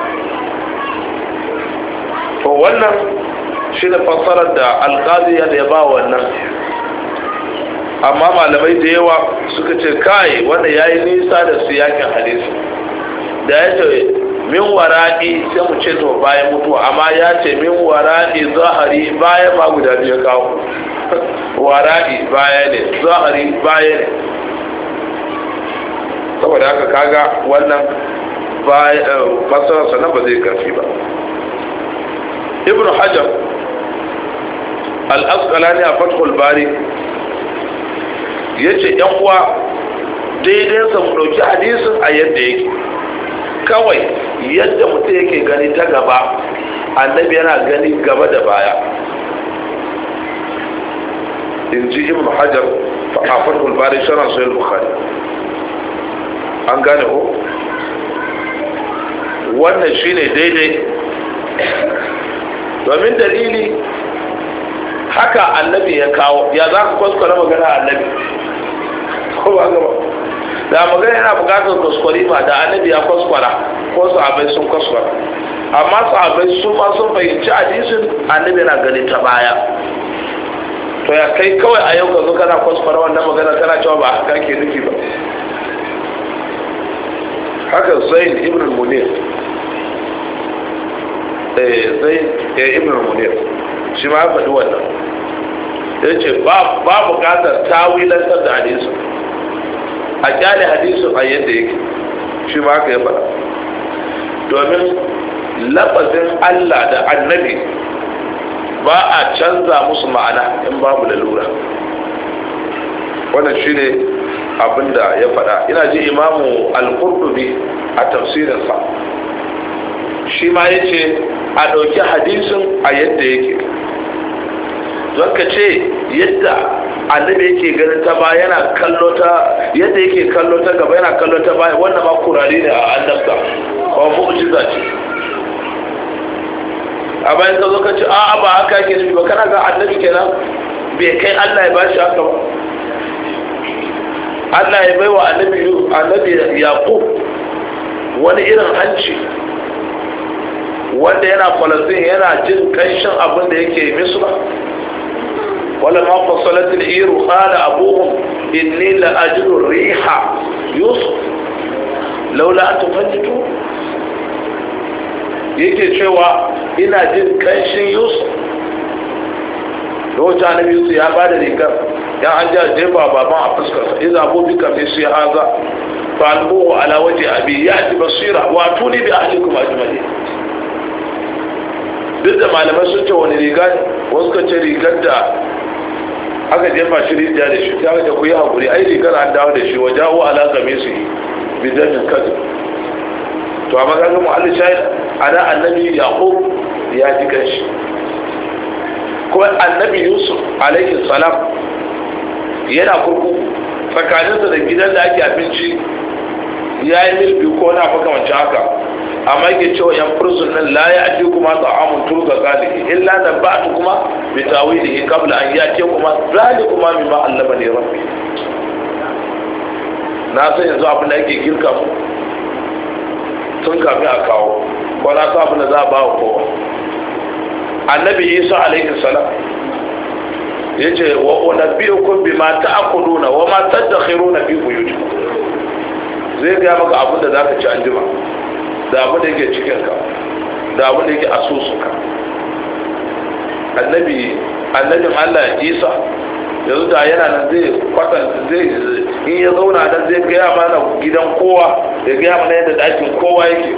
to wannan shi da fassarar da alkazi ya ba wannan amma malamai da yawa suka ce kai wanda ya yi nisa da su siyakin hadisi da ya ce min waraɗi sai mu ce to bayan mutuwa amma ya ce min wara'i zahari bayan ma guda biyu kawo Waraɗi baya ne zahari baya ne saboda haka kaga wannan eh, fasararsa nan ba zai karfi ba ibn hajar al-asqalani a fathul bari ya ce yan uwa daidainsa mu ɗauki hadisin a yadda yake kawai yadda mutum yake gani ta gaba annabi yana gani gaba da baya in ji ibn hajar a farkon bari shirin sai bukhari an gane ko wannan shine daidai domin dalili haka annabi ya kawo ya za ku kwaskwara magana annabi ko ba gaba da magana yana bukatar kwaskwari ba, da annabi ya kwaskwara ko su abai sun kwaskwara amma su abai su ma sun fahimci hadisin annabi na gani ta baya to ya kai kawai a yau ka zo kana kwaskwara wannan magana tana cewa ba haka ke nufi ba haka zain ibn munir eh, zain eh, ibn munir shi ma faɗi wannan ya ce ba buƙatar wilantar da hadisu a kyale hadisu a yadda yake shi ma ka yi faɗa domin lafazin allah da annabi ba a canza musu ma'ana in babu lalura wannan shi ne abinda ya faɗa ina ji imamu al-qurtubi a tafsirinsa shi ma ya ce a ɗauki hadisin a yadda yake don ka ce yadda annabi yake ganin ta ba yana kallo ta yadda yake kallo ta gaba yana kallo ta baya wannan ma kurare ne a annabta ba za ce a bayan ka zo ka ce a'a ba haka yake nufi ba kana ga annabi kenan bai kai Allah ya shi haka ba Allah ya baiwa annabi annabi Yaqub wani irin hanci wanda yana falastin yana jin kanshin abin da yake misra wala ma fasalat al-iru qala abuhum inni la ajidu riha yusuf laula an tufajitu yake cewa ina jin kanshin yusuf lokacin annabi yusuf ya bada rigar ya an ja jefa baban a fuskarsa iza abubika fi su ya haza fa albuhu ala waje abi ya ji basira wa tuni bi ahlikum ajma'in duk da malamai sun ce wani riga wasu ka ce rigar da aka jefa shi rijiya da shi ta ce ku yi hakuri ai rigar an dawo da shi wa jawo alaƙa mai su yi bidamin kazu to amma kaga shayi a ana annabi yaqub ya ji kanshi kuma annabi yusuf alaihi salam yana kurkuku tsakaninsa da gidan da ake abinci ya yi biyu ko na wancan haka amma yake cewa yan fursun nan la ya aji kuma amun turka zaliki illa da ba kuma bi in kabla an ce kuma kuma zalikuma ma allama ne rabbi na san yanzu abin da ake girka mu tun kafin a kawo ko na san abin da za a ba wa kowa annabi isa alaihi salam ya ce wa unabbiukum bima ta'kuluna wa ma tadakhiruna fi buyutikum zai ga maka abin da zaka ci anjima da abu da yake cikinka da abu da yake ka annabi annabi Allah Isa yanzu da yana nan zai kwatanta zai in ya zauna nan zai gaya mana gidan kowa ya gaya mana yadda ɗakin kowa yake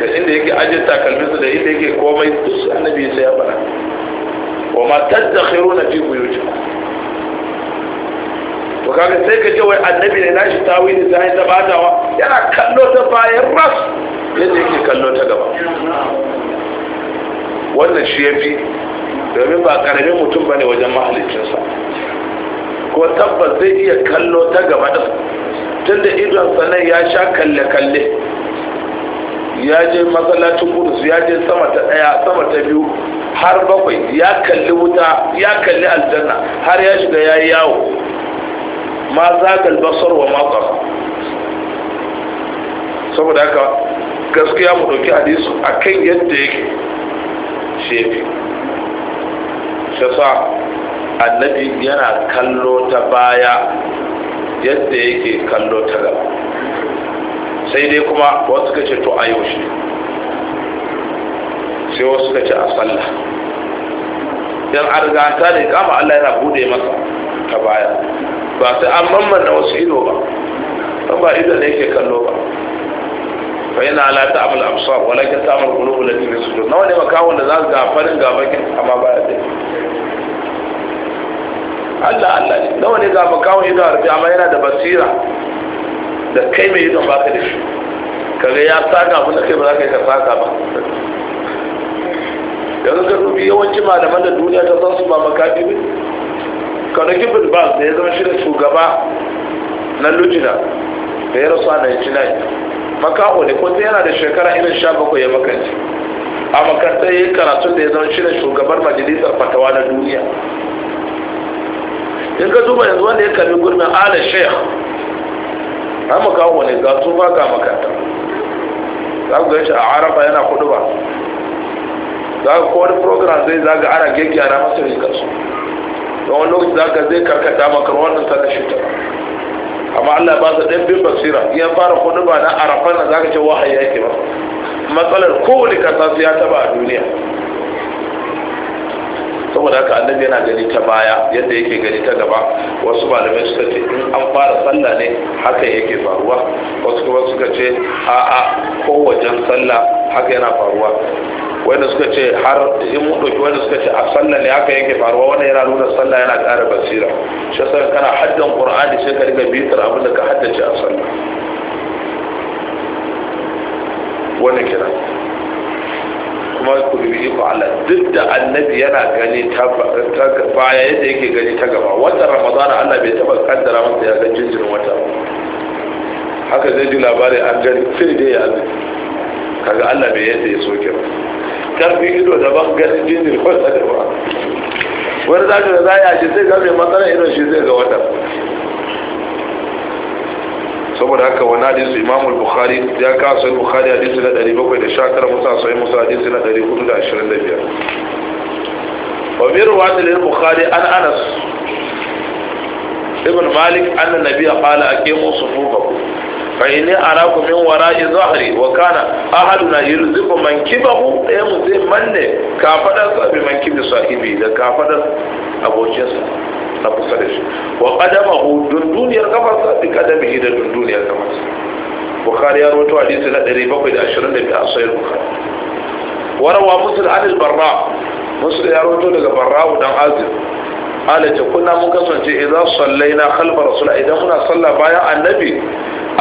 da inda yake ajiye takalmin da inda yake komai su annabi sai ya fara wa ma tattakhiruna fi buyutikum to kaga sai ka ce wai annabi ne nashi tawili ta hanyar batawa yana kallo ta bayan ras yadda yake kallo ta gaba wannan shi ya fi domin ba karamin mutum ba ne wajen mahalicinsa ko tabbas zai iya kallo ta gaba da tun da idon sanan ya sha kalle-kalle ya je masallacin kudus ya je sama ta daya sama ta biyu har bakwai ya kalli wuta ya kalli aljanna har ya shiga ya yi yawo ma ka basar wa ma saboda haka gaskiya mu ɗauki hadisu a kan yadda yake shefi shi sa annabi yana kallo ta baya yadda yake kallo ta gaba sai dai kuma wasu ka ce to a shi, sai wasu ka ce a sallah yan arganta ne kama allah yana bude masa ta baya ba ta an na wasu ido ba don ba idan yake kallo ba fa yana ala ta abul absar walakin ta amul qulubul lati fi sudur nawa ne makawon da za su ga farin ga bakin amma ba ya dai Allah Allah ne nawa ne ga makawon ido harfi amma yana da basira da kai mai idon baka da shi kaga ya saka abin da kai ba za ka yi ka saka ba yanzu ka rubi yawancin malaman da duniya ta san su ba makafi ne ka dauki bin bas da ya zama shi da shugaba na lujina da ya rasu a 99 makaho ne ko yana da shekara irin sha bakwai ya makanci a ya yi karatun da ya zama shi da shugabar majalisar fatawa na duniya in ka zuba yanzu wanda ya kalli gurbin ala sheikh a makaho ne ga tuba ga makarta za ku ganshi a araba yana kudu ba za ku kowani program zai zaga ana gyaggyara masu rikarsu da wani lokaci za ka zai karkata maka wannan sana shi amma Allah ba sa ɗan bin basira ya fara kudu ba na arafan na zaka ka ce wahayi yake ba matsalar kowane kasa ya taba a duniya saboda haka annabi yana gani ta baya yadda yake gani ta gaba wasu malamai suka ce in an fara sallah ne haka yake faruwa wasu kuma suka ce a'a kowajen sallah haka yana faruwa wanda suka ce har in mun ɗauki wanda suka ce a sallah ne haka yake faruwa wanda yana nuna sallah yana ƙara basira shi yasa kana haddan qur'ani sai ka riga bitar abin da ka haddace a sallah wannan kenan ma yakulu bihi ala duk da annabi yana gani ta baya yadda yake gani ta gaba wata ramadana Allah bai taba kaddara masa ya ga jinjin wata haka zai ji labarin an gani sai dai ya azumi kaga Allah bai yadda ya soke ba karfin ido daban gani jinjin wata ba. wani zaka da za a yi a shi sai ga mai matsala irin shi zai ga wata saboda haka wani hadisi imam al-bukhari ya kawo sai bukhari hadisi na 719 musa sai musa hadisi na 425 wa bi ruwati al-bukhari an anas ibn malik anna nabiyya qala aqimu sufufakum fa inni araku min wara'i zahri wa kana ahaduna yulziqu mankibahu ayyun eh, zai manne kafadarsa bi mankibi sahibi da kafaɗar abokinsa na kusa da shi wa qadamahu dunduniyar kafarsa bi qadamihi da dunduniyar kafarsa bukhari ya rawaito hadisi na 722 a sahih bukhari warawa musul anil barra musul ya rawaito daga barra dan azib ala ta kunna mun kasance idan sallaina khalfa rasul idan muna salla bayan annabi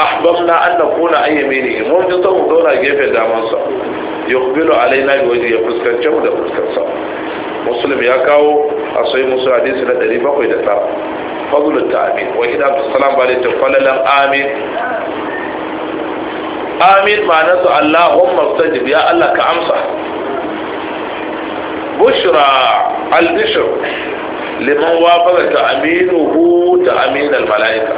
ahbabna an nakuna an yamini mun ji ta mu gefe damansa yuqbilu alaina bi wajhi ya fuskance mu da fuskarsa muslim ya kawo a sai musu hadisi na 709 fadlul ta'min wa hida salam balita falalan amin amin ma'ana su allahumma stajib ya allah ka amsa bushra al-bishr liman wafaqa ta'minuhu ta'min al-mala'ika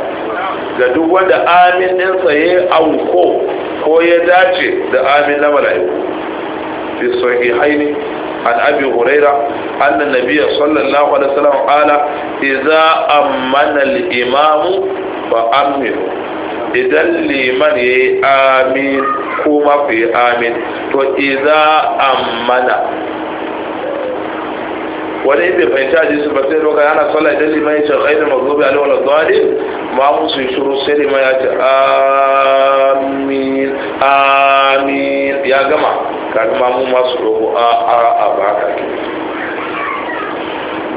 ga duk wanda amin din sa yayi auko ko ya dace da amin na mala'iku bi sahihaini عن أبي هريرة أن النبي صلى الله عليه وسلم قال إذا أمن الإمام فأمنه idan liman ya yi amin kuma ku yi amin to iza ammana wani bai fahimci su ba sai doka yana sallah idan liman ya ce ghairu mazobi a wala dhalin ma mu su shiru sai liman ya ce amin amin ya gama kaga ma mu masu roƙo a a a ba ke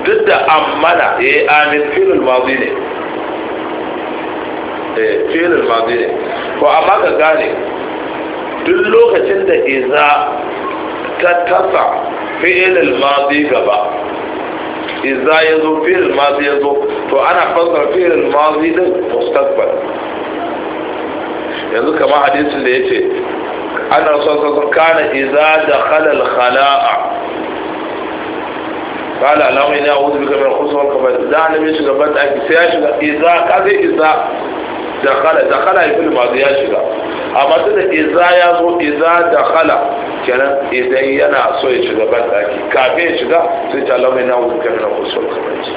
duk da amana ya eh, yi amin filin mazi ne eh, filin mazi ne ko amma ka gane duk lokacin da iza ta tasa fi'il mazi gaba, iza ya zo fi'il mazi ya zo to ana fassara fi'il mazi madi din mustaqbal yanzu kamar hadisin da yace ana sallallahu kana idza da al-khala'a قال اللهم اني اعوذ بك من الخبث والخبائث ده انا مش غبت اكي سيا شغا اذا كذا iza. dakhala dakhala ibn mazi ya shiga amma da iza ya zo iza dakhala kenan idan yana so ya shiga ban daki kafin ya shiga sai ta lamu na wuce na usul kamanci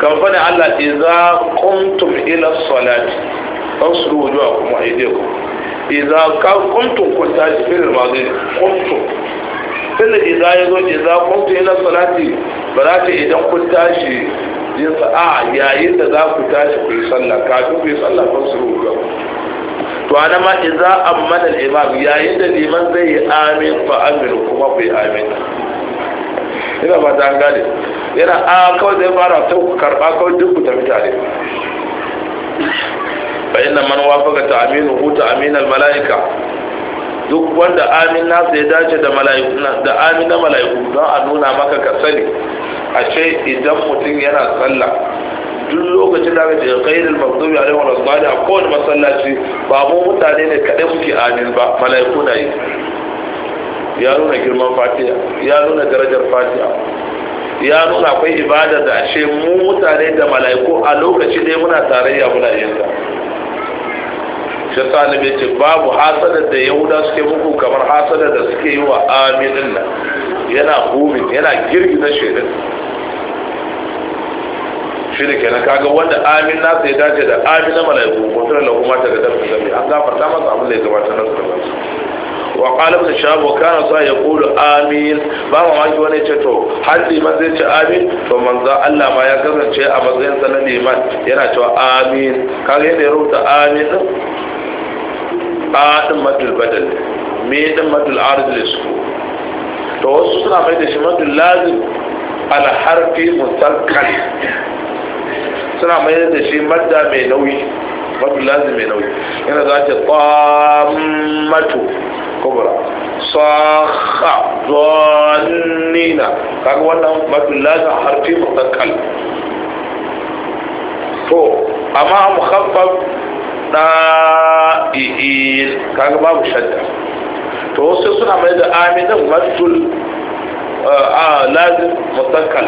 kan fada Allah iza kuntum ila salati fasru wujuhakum wa aydikum idza qumtum kun tashi fil kuntum qumtum da iza ya zo iza kuntum ila salati ba za ta idan kun tashi sa a ah, yayin da za ku tashi ku yi sallah kafin ku yi sallah kan su ruwa to ana ma idza a al-imam yayin da liman zai yi amin fa aminu kuma ku yi amin ina ba ta gane yana a ah, kawai zai fara ta ku karba kawai duk ku tafi tare fa inna man aminu ku ta'min al-malaika duk wanda amin nasa ya dace da mala'iku da amin na mala'iku don a nuna maka ka sani ashe idan mutum yana sallah duk lokacin da aka ce ghairil maghdubi alaihi wa sallam a kowane masallaci ba mu mutane ne kadai muke amin ba mala'iku na yi ya nuna girman fatiya ya nuna darajar fatiya ya nuna akwai ibada da ashe mu mutane da mala'iku a lokaci dai muna tarayya muna yin ta shi sa annabi ce babu hasadar da yahuda suke muku kamar hasadar da suke yi wa aminin nan yana humin yana girgiza shirin shi da kenan kaga wanda amin nasa ya dace da amin na mala'iku mutum da kuma ta gadar da zabi an gafarta masa abin da ya gabata na su da wa qala da shabu kana sa kudu amin ba ma wani wani ce to har liman zai ce amin to manza Allah ma ya kasance a matsayin sa na liman yana cewa amin kaga yadda ya rubuta amin din a matul badal me din matul arzis lisku to wasu suna mai da shi matul lazim ala harfi musakkal suna mai da shi madda mai nauyi matul lazim mai nauyi yana za ta tsammatu kubra sakha zannina kaga wannan matul lazim harfi musakkal to amma mukhaffaf da'i'il kaga babu shadda to wasu suna mai da aminan matul eh, a lazim musakkal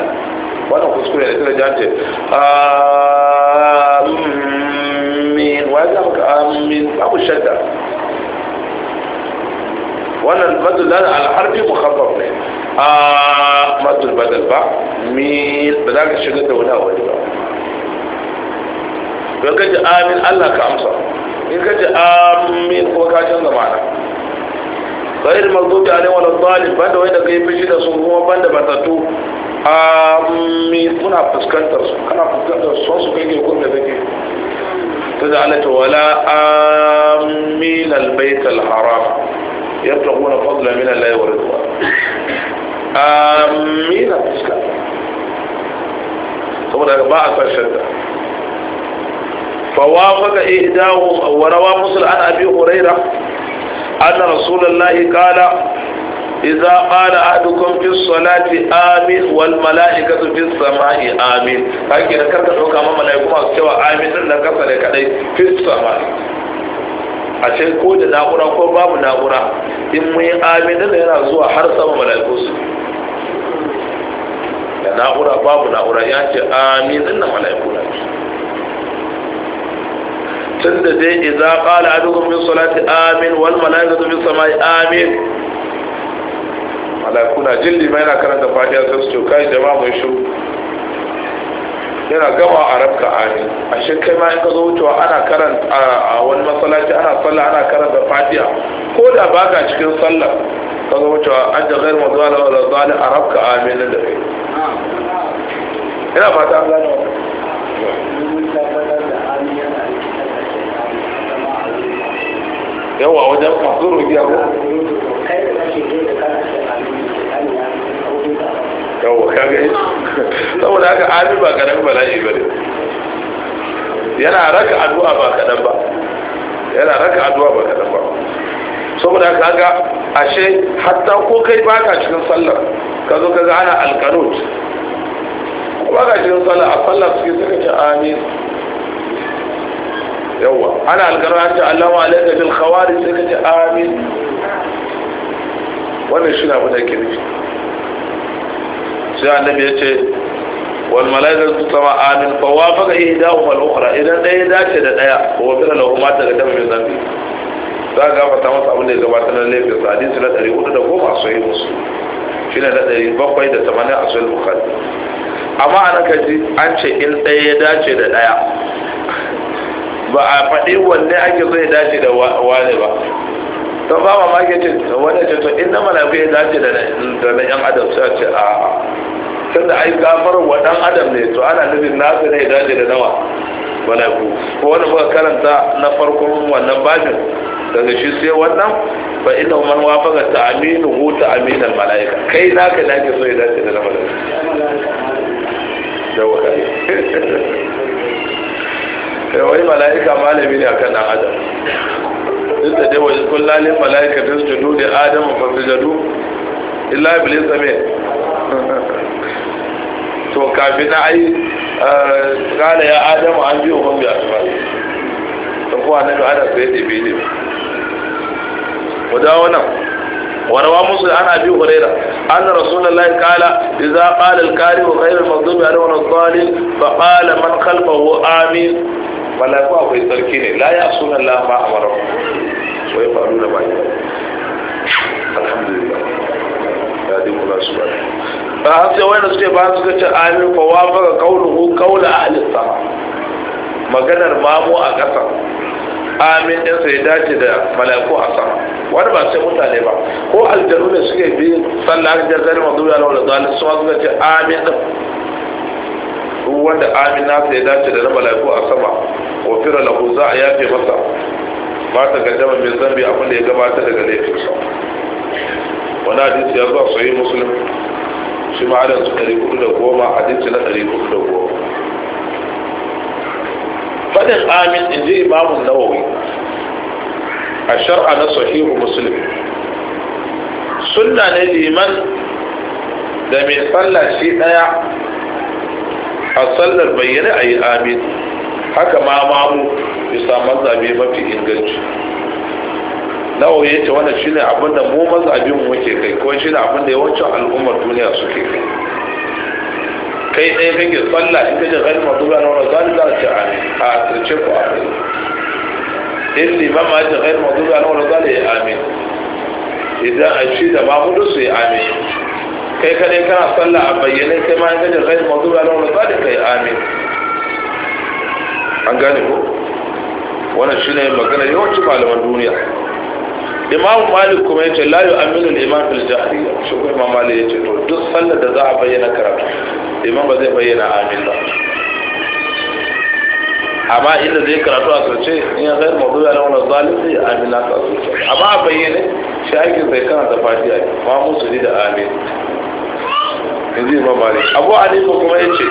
wannan kuskure ne tana jante amin wa za ka amin babu shadda wannan matul lazim alharbi mukhaffaf ne a matul badal ba min ba za ka shigar da wani a wani ba don ka ji amin allah ka amsa in ka ji amin kuma ka canza ma'ana غير المغضوب عليهم ولا الضالين بند وين كاي فشي da sun kuma banda batatu amin muna fuskantar su kana fuskantar su su kai ke kun da kake تجعلت ولا آمين البيت الحرام يبتغون فضلا من الله ورضوان آمين الإسلام saboda ba a san shadda فوافق إهداهم وروى مسل عن أبي هريرة أن رسول الله قال إذا قال أحدكم في الصلاة آمين والملائكة في السماء آمين هكذا كتبت كما ملائكة سوى آمين لك فلك في السماء ashe ko da na'ura ko babu na'ura in mun yi amin da yana zuwa har sama mala'iku su da na'ura babu na'ura ya ce amin din na mala'iku na tun da dai idza qala adukum min salati amin wal malaikatu bis samai amin malakuna jilli mai na karanta fatiha sai su ce kai jama'a mai shiru yana gama a rabka amin a shekai ma in ka zo wucewa ana karanta a wani masallaci ana sallah ana karanta fatiha ko da baka cikin sallah ka zo wucewa an da gairu mazala wala zali a rabka amin da kai ina fata an gane wajen masu rubiya ko yawo yi saboda haka ba kadan ba ne yana raka addu'a ba kadan ba yana raka addu'a ba kadan ba saboda kaga ashe hatta ko kai baka cikin sallar ka zo kaga ana alkanut baka cikin sallar a sallar suke suka ce amin yawa ana alkarar ta allama alaika bil khawari sai ka ce amin wannan shi na fita kirki sai annabi ya ce wal malaikatu sama amin fa yi ihdahuma al ukhra idan ɗaya ya dace da daya wa fira lahum ma daga dama mai zambi za ga gafata masa abin da ya gabata na laifin sa hadisi na a soyayyar muslim Shi na bakwai da tamanin a soyayyar bukhari amma ana kaji an ce in ɗaya ya dace da ɗaya. ba a faɗi wanne ake so ya dace da wane ba don ba ma ke ce wanda ce to inda malafi ya dace da na yan adam sai ce a tunda ai gafar wa dan adam ne to ana nufin na fi ya dace da nawa ku ko wanda kuka karanta na farkon wannan bajin daga shi sai wannan fa inna man ga ta'aminu hu ta'amin malaika kai na ka dace so ya dace da na malaika da wakali Eh, wai mala'ika malami ne akan dan adam duk da dai wajen kullalin mala'ika su sujudu da ba su sujudu illa iblis ne to kafin na ai eh, kana ya adamu an biyo mun bi asma to ko annabi adam sai da bi ne mu dawo nan وروى مسلم عن ابي هريره ان رسول الله قال اذا قال الكاره غير المغضوب عليه ولا الضالين فقال من خلفه امين malaku akwai sarki ne la ya sunan la ma amara so ya faru da bai alhamdulillah ya dinku kula su ba ba har sai wani suke ba suka ce amin fa wa kaulu qawluhu kaula ahli sama maganar mamu a ƙasa amin din sai dace da malaku a sama wani ba sai mutane ba ko aljanu ne suke bi sallar jazzar mazuya lawa da zalim su suka ce amin din duk wanda Amina ta ya dace da na mala'iku a sama wa fira lahu za a yafe masa ba ta gaddama mai zambi abin da ya gabata daga laifinsa wani hadisi ya zuwa sahih muslim shi ma adan su 410 hadisi na 410 fadin amin in ji imamun nawawi a shar'a na sahihu muslim sunna ne liman da mai tsalla shi daya a sallar bayyana a yi amin haka ma mamu bisa mazabe mafi inganci nawa ya ce wannan shine abin da mu mazabin ke kai ko shine abin da yawancin al'ummar duniya suke kai kai ɗaya kake tsalla in kaje gari ma duba na wannan zalika ce amin a tsirce ku kai? in limam ma ce gari ma duba na wannan yi amin idan a shi da mamudu su yi amin kai kadai kana sallah a bayyane kai ma yanzu da zai mazu ba lawan ba da kai amin an gane ko wannan shine magana yawanci malaman duniya imam malik kuma yace la yu'minu al-imam fil jahriya shi kuma imam malik ce to duk sallar da za a bayyana karatu imam ba zai bayyana amin ba amma inda zai karatu a sarce in ya zai mazu ya launa zalim sai amin na sarce amma a bayyane shi ake zai kana da fatiha ma musu da amin in zai malik abu hanifa kuma ya ce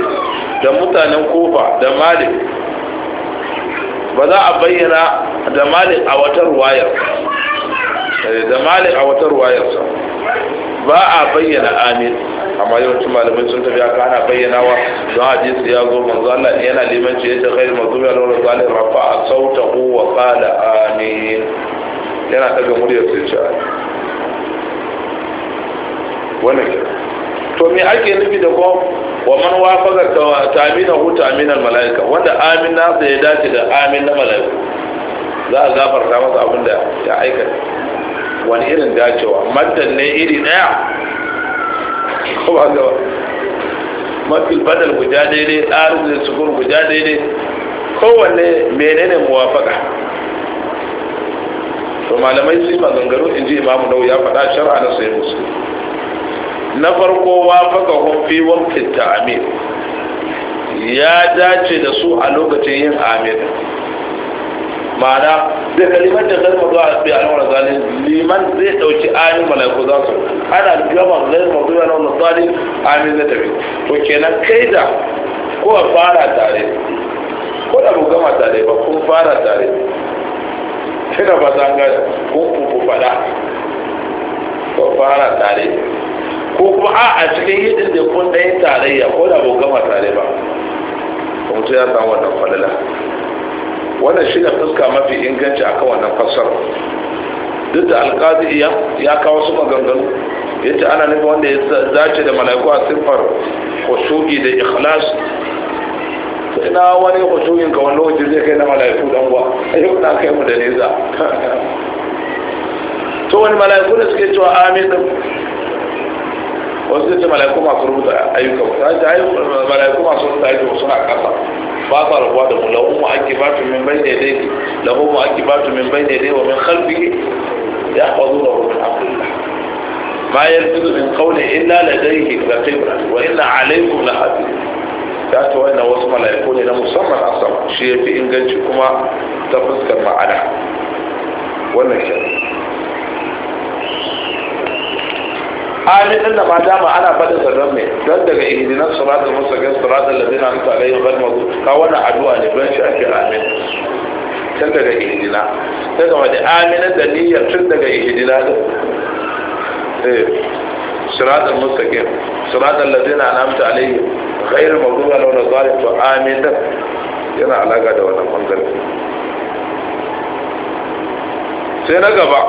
da mutanen kofa da malik ba za a bayyana da malik a watar wayar eh, da malik a watar ba a bayyana amin amma yawancin malamai sun tafi aka ana bayyanawa don hadisi ya zo manzo Allah yana limanci ta kai manzo ya lura zalim rafa sautahu wa qala amin yana daga muryar sai ce wannan kenan to me ake nufi da kuma wa man ta ta'mina hu ta'minal malaika wanda amin na da ya dace da amin na malaika za a gafarta masa abin da ya aikata wani irin dacewa maddan ne iri daya ko ba ga mafi badal guda daidai ɗarin da sukur guda daidai kowanne menene muwafaka to malamai sai maganganu in ji imamu nau ya faɗa shar'a na sai musu na farko wafaqahum fi waqti amir ya dace da su a lokacin yin amir ma'ana da kalimar da mazuwa a bi a zalin liman zai dauki ayin malaiku za su ana gama zai mazuwa yana wani tsari amin zai tafi to kenan kai da ko a fara tare ko da gama tare ba kun fara tare kina ba zanga ko ku fada ko fara tare ko kuma a a cikin hidin da kun ɗaya tarayya ko da ba gama tare ba ta ya samu wannan falala wannan shi ne fuska mafi inganci a kan wannan fassara duk da alƙazi iya ya kawo su maganganu ya ce ana nufin wanda ya zace da mala'iku a siffar khushu'i da ikhlas ina wani khushu'in ka wani lokaci zai kai na mala'iku dan uwa yau na kai mu da nesa to wani mala'iku da suke cewa amin wasu zai ce mala'iku masu rubuta ayyukan wasu an ce mala'iku masu rubuta ayyukan suna kasa ba sa rabuwa da mu lahu mu ake batu min bai ne dai lahu mu ake batu min bai ne dai wa min khalfihi ya kwazo da rubin abdullah ma yalfizu min qawli illa ladayhi raqibun wa inna alaykum lahafid ya ta wani wasu mala'iku ne na musamman asam shi ya fi inganci kuma ta fuskar ma'ana wannan kenan amin din da ma dama ana faɗin sarran mai don daga ihdinas siratal mustaqim siratal ladina an'amta alaihim ghayril maghdubi ka wannan addu'a ne don shi ake amin tun daga ihdina sai ga wani aminin da niyyar tun daga ihdina da eh, siratal mustaqim siratal ladina an'amta alaihim ghayril maghdubi alaihim zalim to amin din yana alaka da wannan bangaren sai na gaba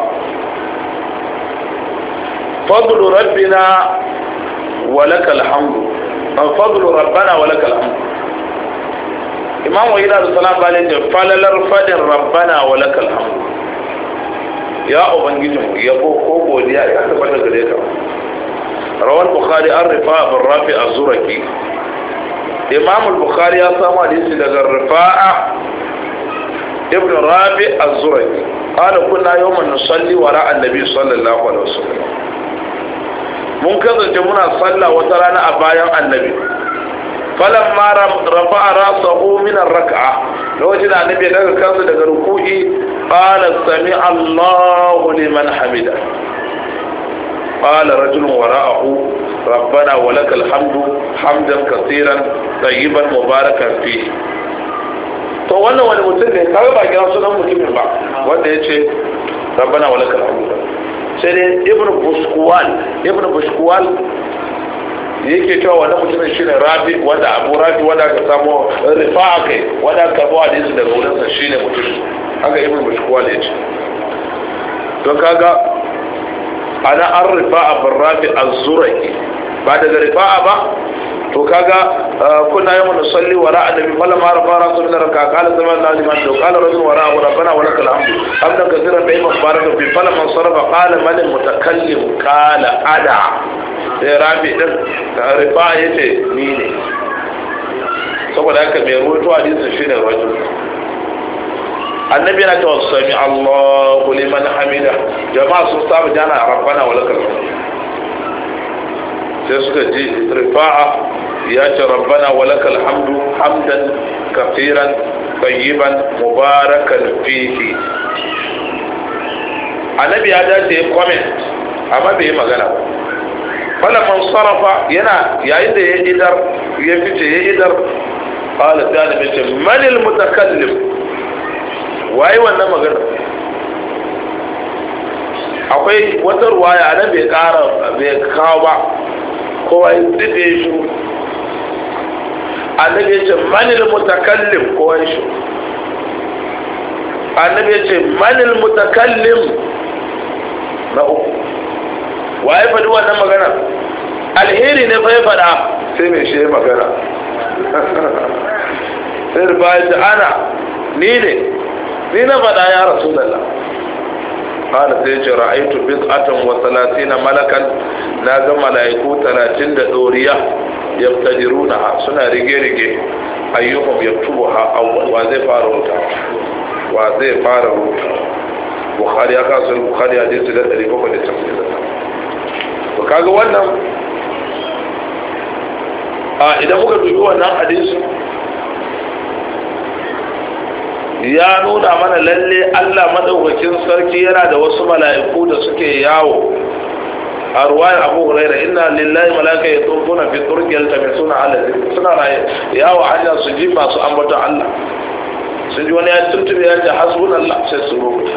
fadlu rabbina wa lakal hamdu fadlu rabbana wa lakal hamdu imam wa ila salam bale da falalar fadin rabbana wa lakal hamdu ya ubangiji mu yabo ko godiya ya tabbata gare ka rawal bukhari an rifa bin rafi az-zuraki imam al-bukhari ya samu hadisi daga rifa'a ibn rafi az-zuraki قال كنا يوما نصلي وراء النبي صلى الله عليه وسلم mun kasance muna sallah wata rana a bayan annabi falan ma rafa a rasa minan raka'a lokacin da annabi daga kansa daga ruku'i qala sami allahu ne liman hamida qala rajulun wara'ahu rabbana wa lakal hamdu hamdan katsiran tayyiban mubarakan fihi to wannan wani mutum ne kawai ba gina sunan mutumin ba wanda ya ce rabbana wa lakal hamdu sai dai ibn buskuwal ibn buskuwal yake cewa wani mutumin shine rabi wanda abu rabi wanda aka samu aka kai wanda aka samu hadisi daga wurinsa shine mutum haka ibn buskuwal ya ce to kaga ana an rifa'a a farrafi a zuraki ba daga rifa'a ba to kaga ah, kuna yamma nusalli wara annabi falamma rafa rasul min raka qala sama Allah liman do qala rasul wara wa rabbana wala kala hamdu hamda kathiran tayyiban baraka fi da bin qala man sarrafa kala mani mutakallim kala ada sai rabi din rifa yace ni ne saboda haka mai ruwaito hadisin shine rajul annabi yana cewa sami Allahu liman hamida jama'a sun saba jana rabbana wa lakal hamdu sai suka ji rifa'a ya ce rabbana walakal hamdu hamdan kafiran tayyiban mubarakan fihi annabi ya dace ya comment amma bai yi magana ba falafan sarrafa yana yayin da ya idar ya fice ya idar qala ta annabi ce manil mutakallim waye wannan magana akwai wata ruwaya nan bai kara bai kawo ba kowa ya duk da ya shuru annabi ya ce manil mutakallim kowa ya shuru annabi ya ce manil mutakallim na uku Wa ya faɗi wannan magana alheri ne fa ya faɗa sai mai shi magana sai ba ya ana ni ne ni na faɗa ya rasu lalla. qala sai ce ra'aytu bid'atan wa thalathina malakan na ga malaiku talatin da doriya yabtajiruna suna rige rige ayyuhum yaktubuha awwal wa zai fara rubuta wa zai fara rubuta bukhari ya kasu bukhari hadisi da 790 Ka ga wannan a idan muka dubi wannan hadisin ya nuna mana lalle Allah madaukakin sarki yana da wasu mala'iku da suke yawo a ruwayan abu huraira inna lillahi malaka ya tsofuna fi turkiyar ta mai suna alazi suna raye yawo hanya su ji masu ambaton Allah Su ji wani ya tuntube ya ce hasbun Allah sai su rubuta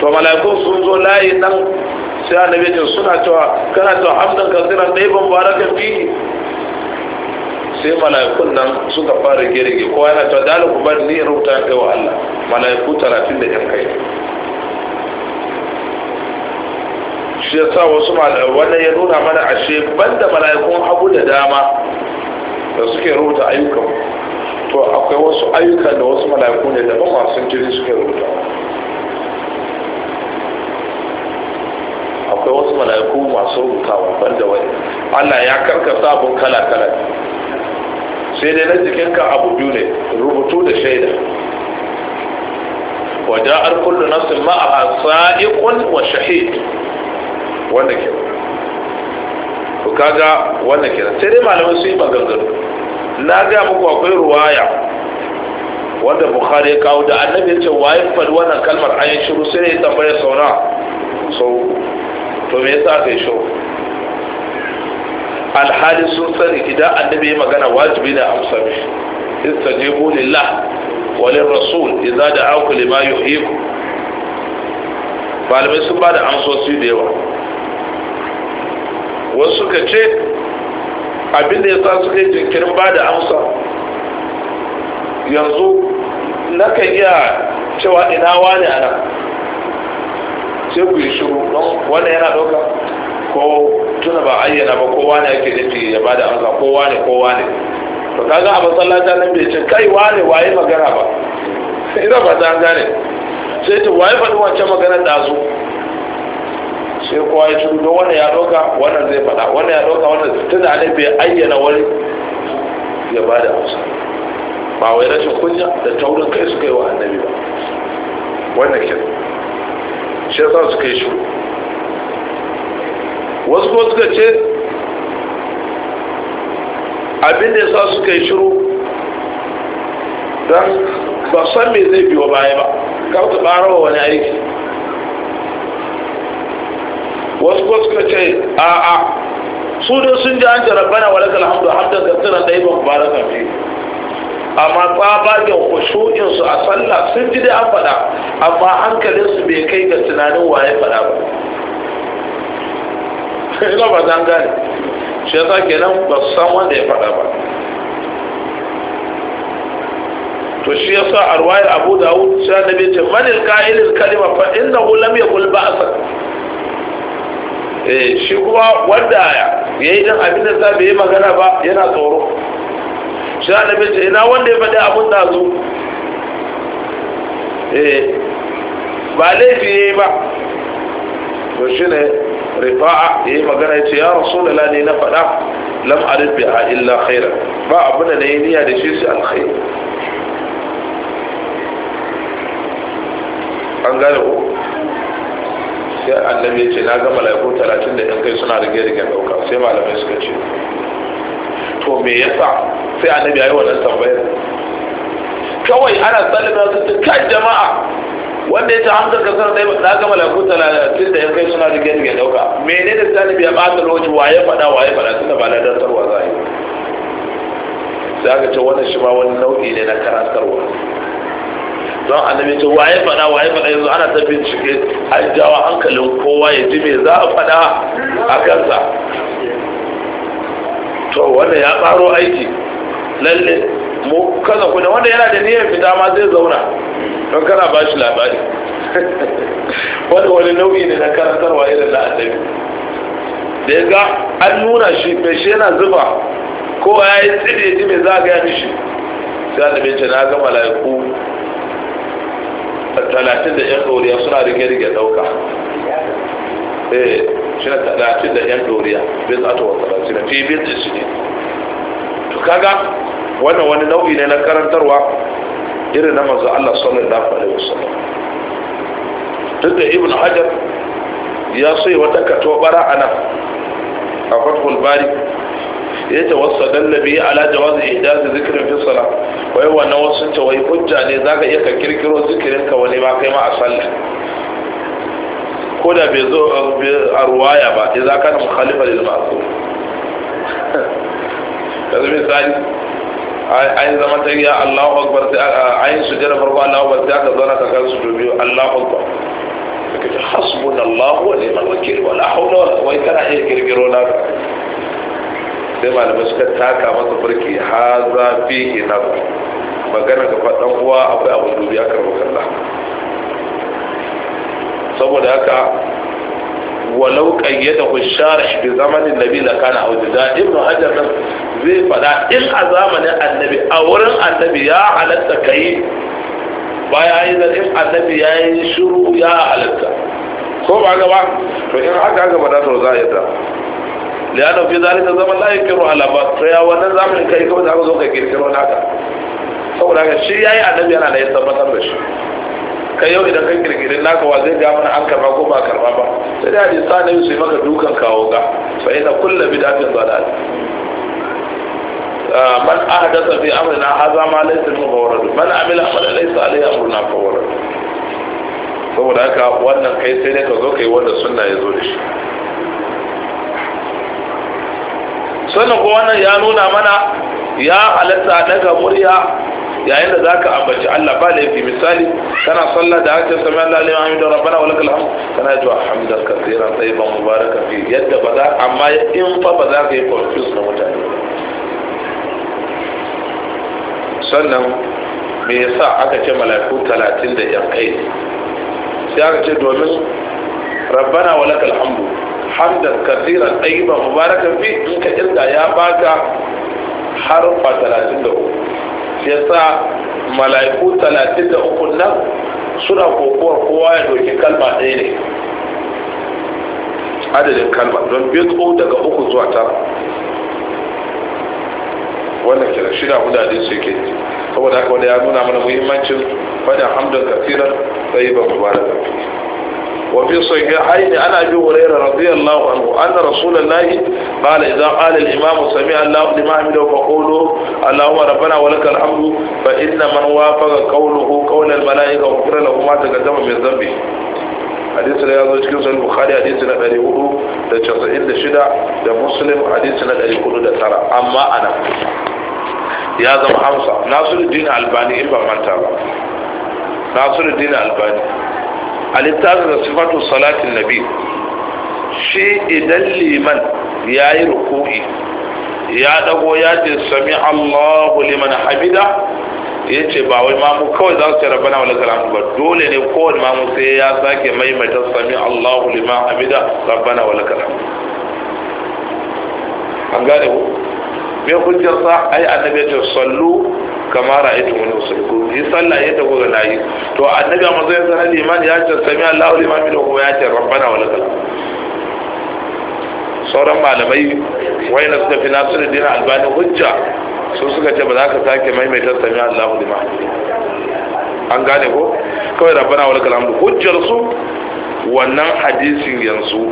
to mala'ikun sun zo layi nan sai annabi suna cewa kana to hamdan kasiran dai ban baraka fihi sai mala'ikun nan suka fara gerege kowa yana ta dala ku bari ni in rubuta kai wa Allah mala'iku 30 da yan kai shi yasa wasu wannan ya nuna mana ashe banda mala'ikun abu da dama da suke rubuta ayyukan to akwai wasu ayyukan da wasu mala'iku ne daban masu jiri suke rubuta akwai wasu mala'iku masu rubutawa banda wani Allah ya karkasa abun kala kala sai dai na jikinka abu biyu ne rubutu da shaida وجاءت كل ma'a معها wa shahid wannan ke to kaga wannan ke sai dai malamai su yi maganganu na ga muku akwai ruwaya wanda bukhari ya kawo da annabi ya ce yi fal wannan kalmar an yi shiru sai ya tambaya sauna sau to me yasa aka yi shuru alhali sun sani idan annabi ya magana wajibi ne a musa mishi istajibu lillah wa lirrasul idza da'aku lima yuhyikum malamai sun ba da amsoshi da yawa wasu suka ce abin da ya sa suka yi jinkirin ba da amsa yanzu na kan iya cewa ina wa a nan sai ku yi shiru don wanda yana ɗauka ko tuna ba ayyana ba kowa ne ake nufi ya ba da amsa kowa ne kowa ne to kaga a masallata nan bai ce kai wane waye magana ba ina ba ta gane sai ta waye faɗi wancan magana su? sai kowa ya shiru don wanda ya ɗauka wannan zai faɗa wanda ya ɗauka wannan tuna ne bai ayyana wani ya ba da amsa ba wai rashin kunya da taurin kai suka yi wa annabi ba wannan kenan shi su kai shi wasu ko suka ce abin da yasa suka yi shiru don ba san me zai biyo baya ba kawo ta wa wani aiki wasu ko suka ce a'a su dai sun ji an jarabana wa lakal hamdu hamdan kattara ɗaya ba ku da fiye amma tsabagen kushu'in a sallah sun ji da an faɗa amma hankalinsu su bai kai ga tunanin waye faɗa ba sai ba zan gane shi yasa kenan ba su san wanda ya faɗa ba to shi yasa a ruwayar abu dawud sai annabi ce manil ka'ilin kalima fa innahu lam kulba ba'sa eh shi kuma wanda ya yi dan abin da za bai yi magana ba yana tsoro Sai annabi ce ina wanda ya faɗi abun da zo eh ba laifi yi ba to shine rifa'a yi magana ce ya da lani na faɗa lam arif a illa khaira ba abin da yi niyya da shi sai alkhair an gane ko sai annabi ya ce na ga mala'iku talatin da ɗan kai suna rige-rigen ɗauka sai malamai suka ce to me yasa sai annabi ya yi wannan tambayar kawai ana tsalin na sun kai jama'a wanda ya ta hamsar kasar ɗaya na ga malaku talatin da ya kai suna da gani ya dauka Menene da talibi ya bata lokaci waye faɗa waye faɗa tun da ba na dantarwa za a yi sai aka ce wannan shi ma wani nau'i ne na karantarwa don annabi ce waye faɗa waye faɗa yanzu ana ta bincike a jawo hankalin kowa ya ji me za a faɗa a kansa to wanda ya tsaro aiki lalle mu kaza kuna wanda yana da niyyar fita ma zai zauna don kana ba shi labari wani wani nau'i ne na karantarwa irin na annabi da ya ga an nuna shi mai shi yana zuba ko ya yi tsiri ji mai za a gaya mishi sai annabi ce na ga mala'iku talatin da ƴan ɗoriya suna rige-rige ɗauka eh shine talatin da yan doriya bin ato wa talatin fi bin isni to kaga wannan wani nau'i ne na karantarwa irin na manzo Allah sallallahu alaihi wasallam duk da ibn hajar ya so ya wata kato bara ana a fathul bari ya ce wasu dallabi ala jawazi ijazi zikirin fi sala wai wannan wasu ce wai hujja ne zaka iya ka kirkiro zikirin ka wani ma kai ma a sallah ko da bai zo a ruwaya ba ya za ka na mukhalifa lil ma'sum yanzu misali ayin zaman ta yi Allahu akbar sai ayin sujjada farko Allahu akbar sai aka zauna ka kan sujjada biyu Allahu akbar kace hasbunallahu wa ni'mal wakil wa la hawla wala quwwata illa billah kirkiro na sai malamai suka taka masa farki haza fihi nazar magana ga fadan uwa akwai abu dubi aka rubuta saboda haka walau kayyada ku sharh bi zamanin nabi la kana Da ibnu hajar nan zai fada in a zamanin annabi a wurin annabi ya halatta kai baya yi da in annabi ya yi shiru ya halatta ko ba gaba to in haka haka ba da za ya da liyano fi zalika zaman la yakiru ala ba to ya wannan zamanin kai kawai za ka zo ka kirkiro naka saboda haka shi yayi annabi yana da ya tabbatar da shi kai yau idan kan kirkirin naka wa zai ga mana an karba ko ba karba ba sai da hadisi sa nabi su yi maka dukan kawo ga fa ina kullu bid'atin dalal ah, man ahdatha fi amrina hadha ma laysa min mawrad man amila fala laysa alayhi amruna fa warad saboda haka wannan kai sai dai ka zo kai wanda sunna ya zo da shi sannan kuma wannan ya nuna mana ya halatta daga murya yayin da zaka ambaci Allah ba laifi misali kana sallah da hajjar sami Allah alaihi wa hamdu rabbana wa lakal hamd kana ji hamdan katsiran tayyiban mubarakan fi yadda ba za amma in fa ba za ka yi confuse na mutane sannan me yasa aka ce mala'iku talatin da yan kai sai aka ce domin rabbana wa lakal hamdu hamdan kasiran ɗayiban mubarakan fi in ka inda ya baka harfa talatin da uku ya sa mala'iku talatin da uku nan suna kokowar kowa ya doki kalma ɗaya ne adadin kalma don bitso daga uku zuwa tara wannan kira shida hudu su yake saboda haka wanda ya nuna mana muhimmancin fadin hamdan kasiran ɗayiban mubarakan fi وفي صحيحين عن أبي هريرة رضي الله عنه أن رسول الله قال إذا قال الإمام سمع الله لما عمله فقولوا اللهم ربنا ولك الحمد فإن من وافق قوله قول الملائكة وفر له ما تقدم من ذنبه حديثنا لا يزال تكون البخاري حديثنا لا يزال تكون الشدع ده مسلم حديث لا يزال ترى أما أنا يا زم حمصة ناصر الدين الباني إبا من ناصر الدين الباني a littafin da sifatu salatin nabi shi idan liman ya yi ruku'i ya dago ya ce sami allahu liman hamida ya ce ba wai mamu kawai za su ce rabana wa lakal ba dole ne kowane mamu sai ya sake maimaita sami allahu liman hamida rabana wa lakal an gane ku me hujjar sa ai annabi ya ce sallu kama ra'aytu mun usulku yi sallah ya tafi ga yi to annabi manzo zai sanar liman ya ce sami wa liman min kuma ya ce rabbana wa lakal sauran malamai na suka fi dina albani hujja su suka ce ba za ka sake maimaita sami wa liman an gane ko kawai rabbana wa lakal hamdu hujjar su wannan hadisin yanzu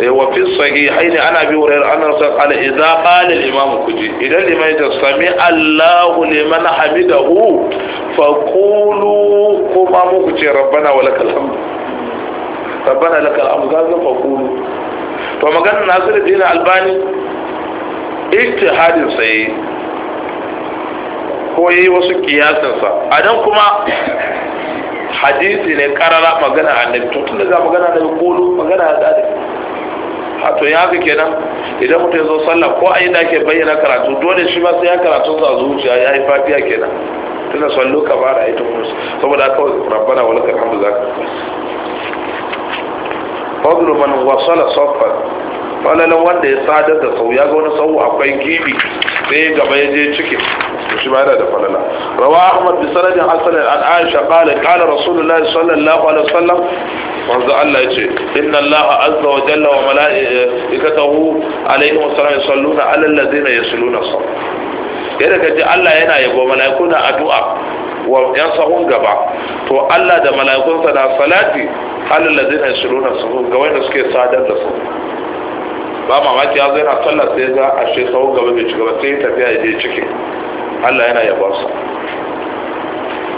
Eh, wa fi sahihaini ana bi hurairah anna rasul qala idza qala al imam kuji idan liman ya sami Allahu liman hamidahu fa qulu kuma muku ce rabbana wa lakal hamd rabbana lakal hamd kaza fa to Albani ko yi wasu kiyasansa a nan kuma hadisi ne karara magana annabi tun da za magana da kolo magana da a to ya ga kenan idan mutum ya zo sallah ko a inda ake bayyana karatu dole shi ma sai ya karatu sa zuciya ya yi fafiya kenan son sallu ba da ita kuma saboda kawai rabbana wala kan za ka fadlu man wasala safa falalan wanda ya sadar da sau ya ga wani sau akwai gibi sai gaba ya je ciki shi ba yana da falala rawa ahmad bi sanadin hasan an aisha qala qala rasulullahi sallallahu alaihi wasallam manzo Allah yace inna Allah azza wa jalla wa malaikatahu alaihi wasallam yusalluna ala allazina yusalluna saf ya daga ji Allah yana yabo malaiku na addu'a wa yan sahun gaba to Allah da sa na salati ala allazina yusalluna saf ga wanda suke sadar da su ba mamaki ya zai sallar sai ga ashe sahun gaba bai ci gaba sai tafiya ya je cikin Allah yana sa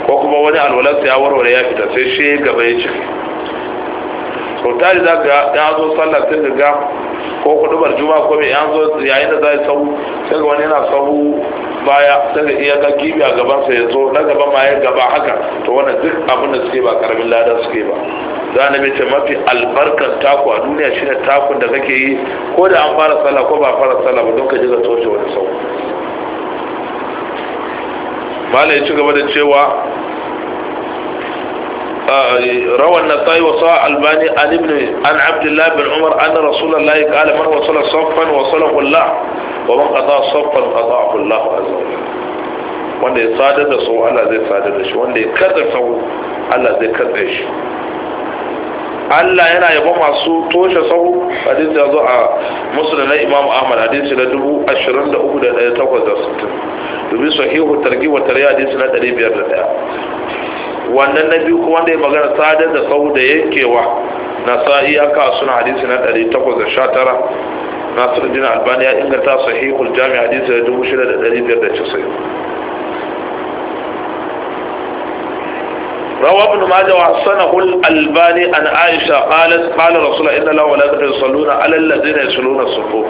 ko kuma wani alwalarsa ya warware ya fita sai shi gaba ya ciki sau tari za ka ya zo sallah sun ga ko kudubar juma ko mai yanzu yayin da za sahu sai ga wani yana sahu baya sai ga iya ga gibi a gaban ya zo na gaban ma ya gaba haka to wani duk abin da suke ba karamin ladar suke ba za na mace mafi albarkar taku a duniya shi ne takun da kake yi ko da an fara sallah ko ba fara sallah ba don ka ji ga toshe wani sahu ya ci gaba da cewa روى النطاي وصاع الباني عن ابن عن عبد الله بن عمر ان رسول الله قال من وصل صفا وصله الله ومن قضى صفا قضاه الله عز وجل wanda ya sadar da su Allah zai sadar da shi wanda ya katsa sau Allah zai katsa shi Allah yana yaba masu toshe sau hadisi ya zo a musulun na Imam Ahmad hadisi na dubu ashirin da uku da ɗaya takwas da sittin domin sahihu targi wa tarayya hadisi na ɗari biyar da ɗaya wannan na biyu kuma da ya magana sadar da sau da yankewa na sa'i ya kawo suna hadisi na 819 nasiruddin albani ya inganta sahihul jami hadisi da 6590 روى ابن ماجه وحسنه الألباني عن عائشة قالت قال رسول الله إن الله ولا يصلون wa الذين يصلون الصفوف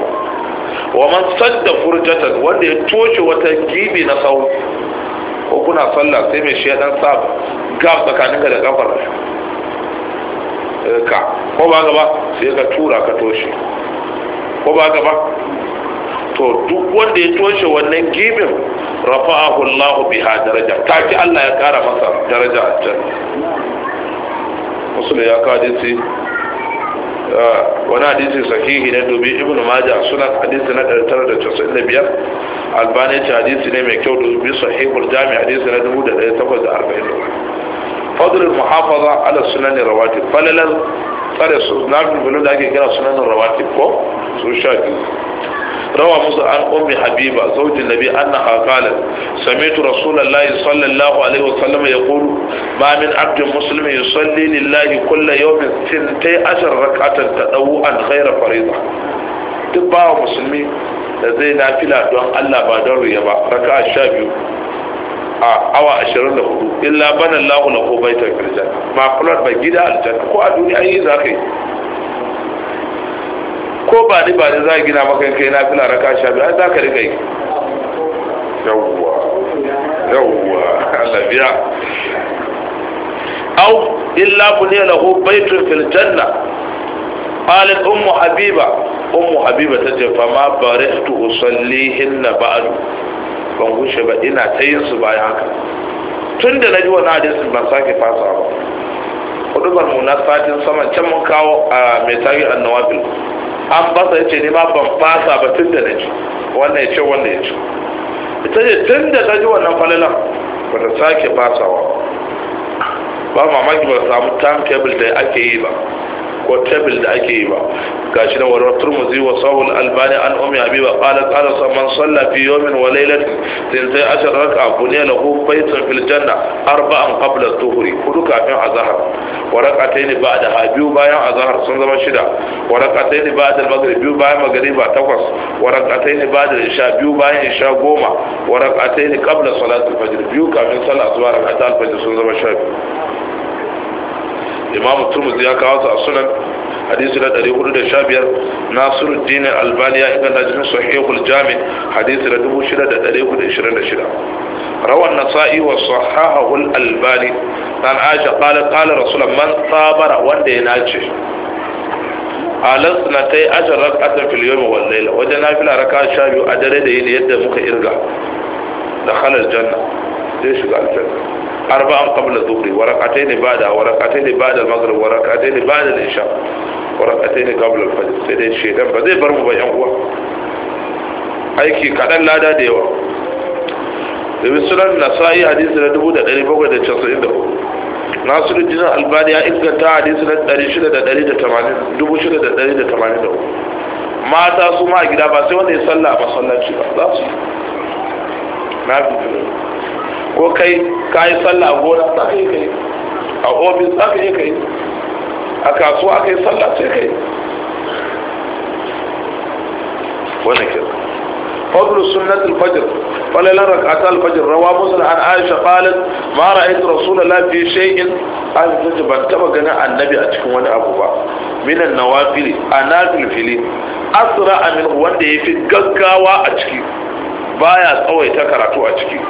wanda ya toshe وأن يتوش na نصوه ko kuna sallah sai mai shi ya dan sa gab tsakanin ka da kafar ka eh, ko ba gaba sai ka tura ka toshe ko ba gaba to duk wanda ya toshe wannan gibin rafa'ahu Allah biha daraja taki Allah ya kara masa daraja a can musulun ya kawo wani hadisi sahihi ne domin ibn majah suna hadisi na 995 albani ce hadisi ne mai kyau domin sahihul jami hadisi na 1840 fadlul muhafaza ala sunan rawati, falalar tsare su na bilbilu da ake kira sunan rawati ko su sha biyu روى موسى عن أم حبيبة زوج النبي أنها قالت سمعت رسول الله صلى الله عليه وسلم يقول ما من عبد مسلم يصلي لله كل يوم ثنتي عشر ركعة تطوعا غير فريضة تبع مسلمي da zai nafila don Allah ba don riya ba raka sha biyu a awa ashirin da hudu illa bana lahu na ko baitar kirjan ma ko a duniya yi za ka yi ko ba ni ba ni za gina maka kai na fi laraka sha biyu za ka rika yi yawwa yawwa Allah biya aw illa buniya lahu baitun fil janna qalat ummu habiba ummu habiba tace fa ma barihtu usallihinna ba'du ban gushe ba ina ta yin su bayan haka tun da na ji wani hadisin ban sake fasa ba hudubar mu na satin saman can mun kawo a mai tari annawafil an fasa ya ce ne ma ban fasa ba tun da na wannan ya ce wannan ya ita ce tun da ta ji wannan falalan ba ta sake fasawa ba mamaki ba samu timetable da ake yi ba ko table da ake yi ba ga shi da warwar turmuzi wa sahul albani an umi habiba qala qala man salla fi yawmin wa laylatin tintai ashar raka buniya lahu baitun fil janna an qabla dhuhri hudu kafin azahar. azhar wa rak'atayn da ha biyu bayan azahar sun zama shida wa rak'atayn ba'da da maghrib biyu bayan ba takwas wa rak'atayn da isha biyu bayan isha goma wa rak'atayn qabla salati al-fajr biyu kafin sallah asuba rak'ata al-fajr sun zama sha biyu imam turmus ya kawo su a sunan hadisi na 415 nasiru dini albani ya inganta jinin sahihul jami hadisi na 6426 rawan nasa'i wa sahahul albani dan aisha kala kala rasulun man sabara wanda ya nace a lansana ta yi ajiyar rakatar filiyomi wallai wajen na fila raka sha biyu a dare da yi da yadda muka irga da halar janna zai arba'an qabla dhuhri wa rak'atayn ba'da wa rak'atayn ba'da al-maghrib wa rak'atayn ba'da al-isha wa rak'atayn qabla al-fajr sai dai shedan ba zai bar mu ba yan uwa aiki kadan lada da yawa domin sunan nasa'i hadisi na 1794 nasiru jinan albani ya inganta hadisi na 6,683 mata su ma a gida ba sai wanda ya salla a masallaci ba za su yi na ko kai ka yi sallah a gona ta kai kai a obin ta kai kai a kasuwa ka yi sallah sai kai wannan ke فضل سنة الفجر فليل ركعتا الفجر روى مسلم عن عائشة قالت ما رأيت رسول الله في شيء عائشة تجب تبقى عن النبي أتكون وانا أبو بكر من النوافل أنافل فيلي أسرع من وانا في قلقاوة أتكي baya أو karatu أتكي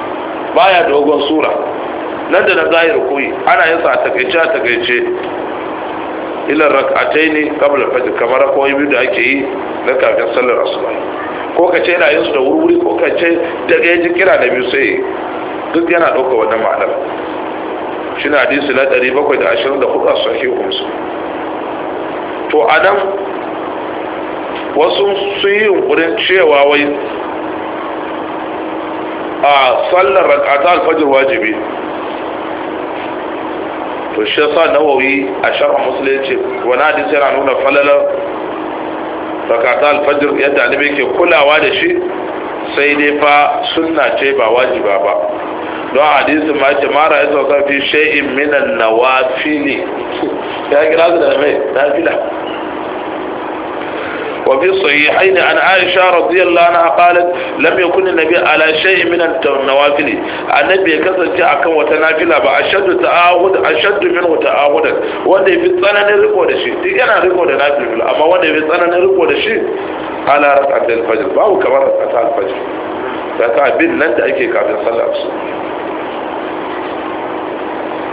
baya dogon sura nan da na zahiri koyi ana yin sa a takaice a takaice ilan rak'atai ne kabla fajr kamar rakoyi biyu da ake yi na kafin sallar asuba ko ka ce yana yin su da wuri-wuri ko ka ce daga ɗaya kira da biyu sai duk yana ɗauka wannan ma'anar shi na hadisi na ɗari bakwai da ashirin da hudu a sahihun su to a nan wasu sun yi yunkurin cewa wai a sallar rakata alfajir wajibi to shi yasa nawawi a sharh musulunci wani hadisi yana nuna falalar rakata alfajir yadda annabi ke kulawa da shi sai dai fa sunna ce ba wajiba ba don hadisin ma ce mara ya sauka fi shay'in minan nawafili ya kira su da mai nafila وفي الصحيحين عن عائشة رضي الله عنها قالت لم يكن النبي على شيء من النوافل النبي كسر جاء كم وتنافلة بأشد تعاهد أشد منه تعاهدا وده في الثاني ريكو ده شيء دي أنا ريكو ده نافل أما وده في الثاني ريكو ده شيء على ركعة الفجر باو كمان ركعة الفجر ركعة بين لن تأكي كافي صلى الله